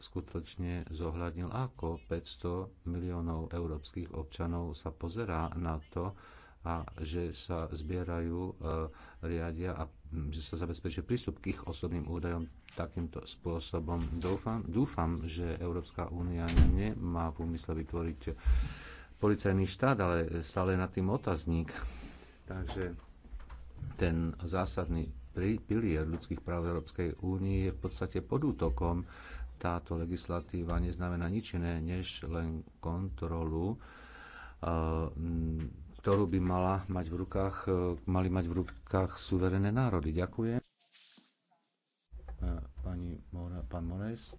skutočne zohľadnil, ako 500 miliónov európskych občanov sa pozerá na to a že sa zbierajú, e, riadia a že sa zabezpečuje prístup k ich osobným údajom takýmto spôsobom. Dúfam, dúfam že Európska únia nemá v úmysle vytvoriť policajný štát, ale stále na tým otazník. Takže ten zásadný pilier ľudských práv Európskej únie je v podstate pod útokom táto legislatíva neznamená nič iné, než len kontrolu, eh, mm, ktorú by mala mať v rukách, eh, mali mať v rukách suverené národy. Ďakujem. Eh, pani, pán Mores.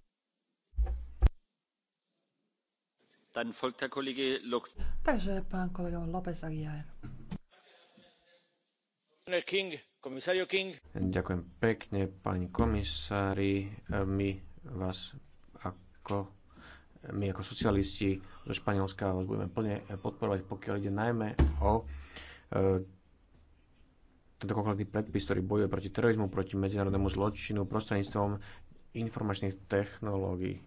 Takže pán kolega López Aguiar. King, King. Ďakujem pekne, pani komisári. My vás ako my ako socialisti zo Španielska vás budeme plne podporovať, pokiaľ ide najmä o e, tento konkrétny predpis, ktorý bojuje proti terorizmu, proti medzinárodnému zločinu prostredníctvom informačných technológií.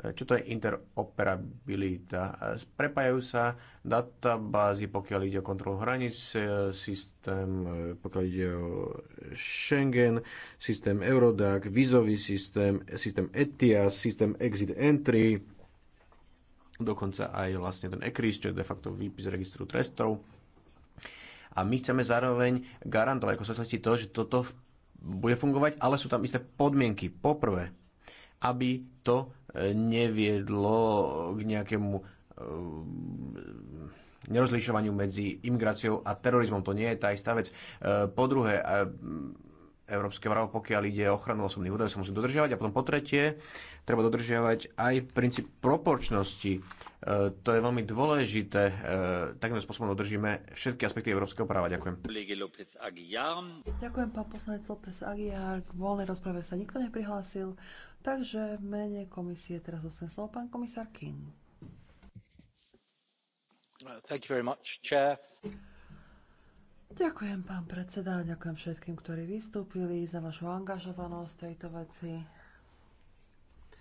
E, čo to je interoperabilita? E, Prepájajú sa databázy, pokiaľ ide o kontrolu hraníc, e, systém, pokiaľ ide o Schengen, systém Eurodac, vízový systém, systém ETIAS, systém Exit Entry, dokonca aj vlastne ten ECRIS, čo je de facto výpis registru trestov. A my chceme zároveň garantovať ako sa to, že toto bude fungovať, ale sú tam isté podmienky. Poprvé, aby to e, neviedlo e, k nejakému e, nerozlišovaniu medzi imigráciou a terorizmom. To nie je tá istá vec. Po druhé, európske právo, pokiaľ ide o ochranu osobných údajov, sa musí dodržiavať. A potom po tretie, treba dodržiavať aj princíp proporčnosti. To je veľmi dôležité. Takýmto spôsobom dodržíme všetky aspekty európskeho práva. Ďakujem. Ďakujem, pán poslanec López Aguiar. K voľnej rozprave sa nikto neprihlásil. Takže v mene komisie teraz dostane slovo pán komisár King. Uh, thank you very much, chair. Ďakujem, pán predseda, ďakujem všetkým, ktorí vystúpili za vašu angažovanosť tejto veci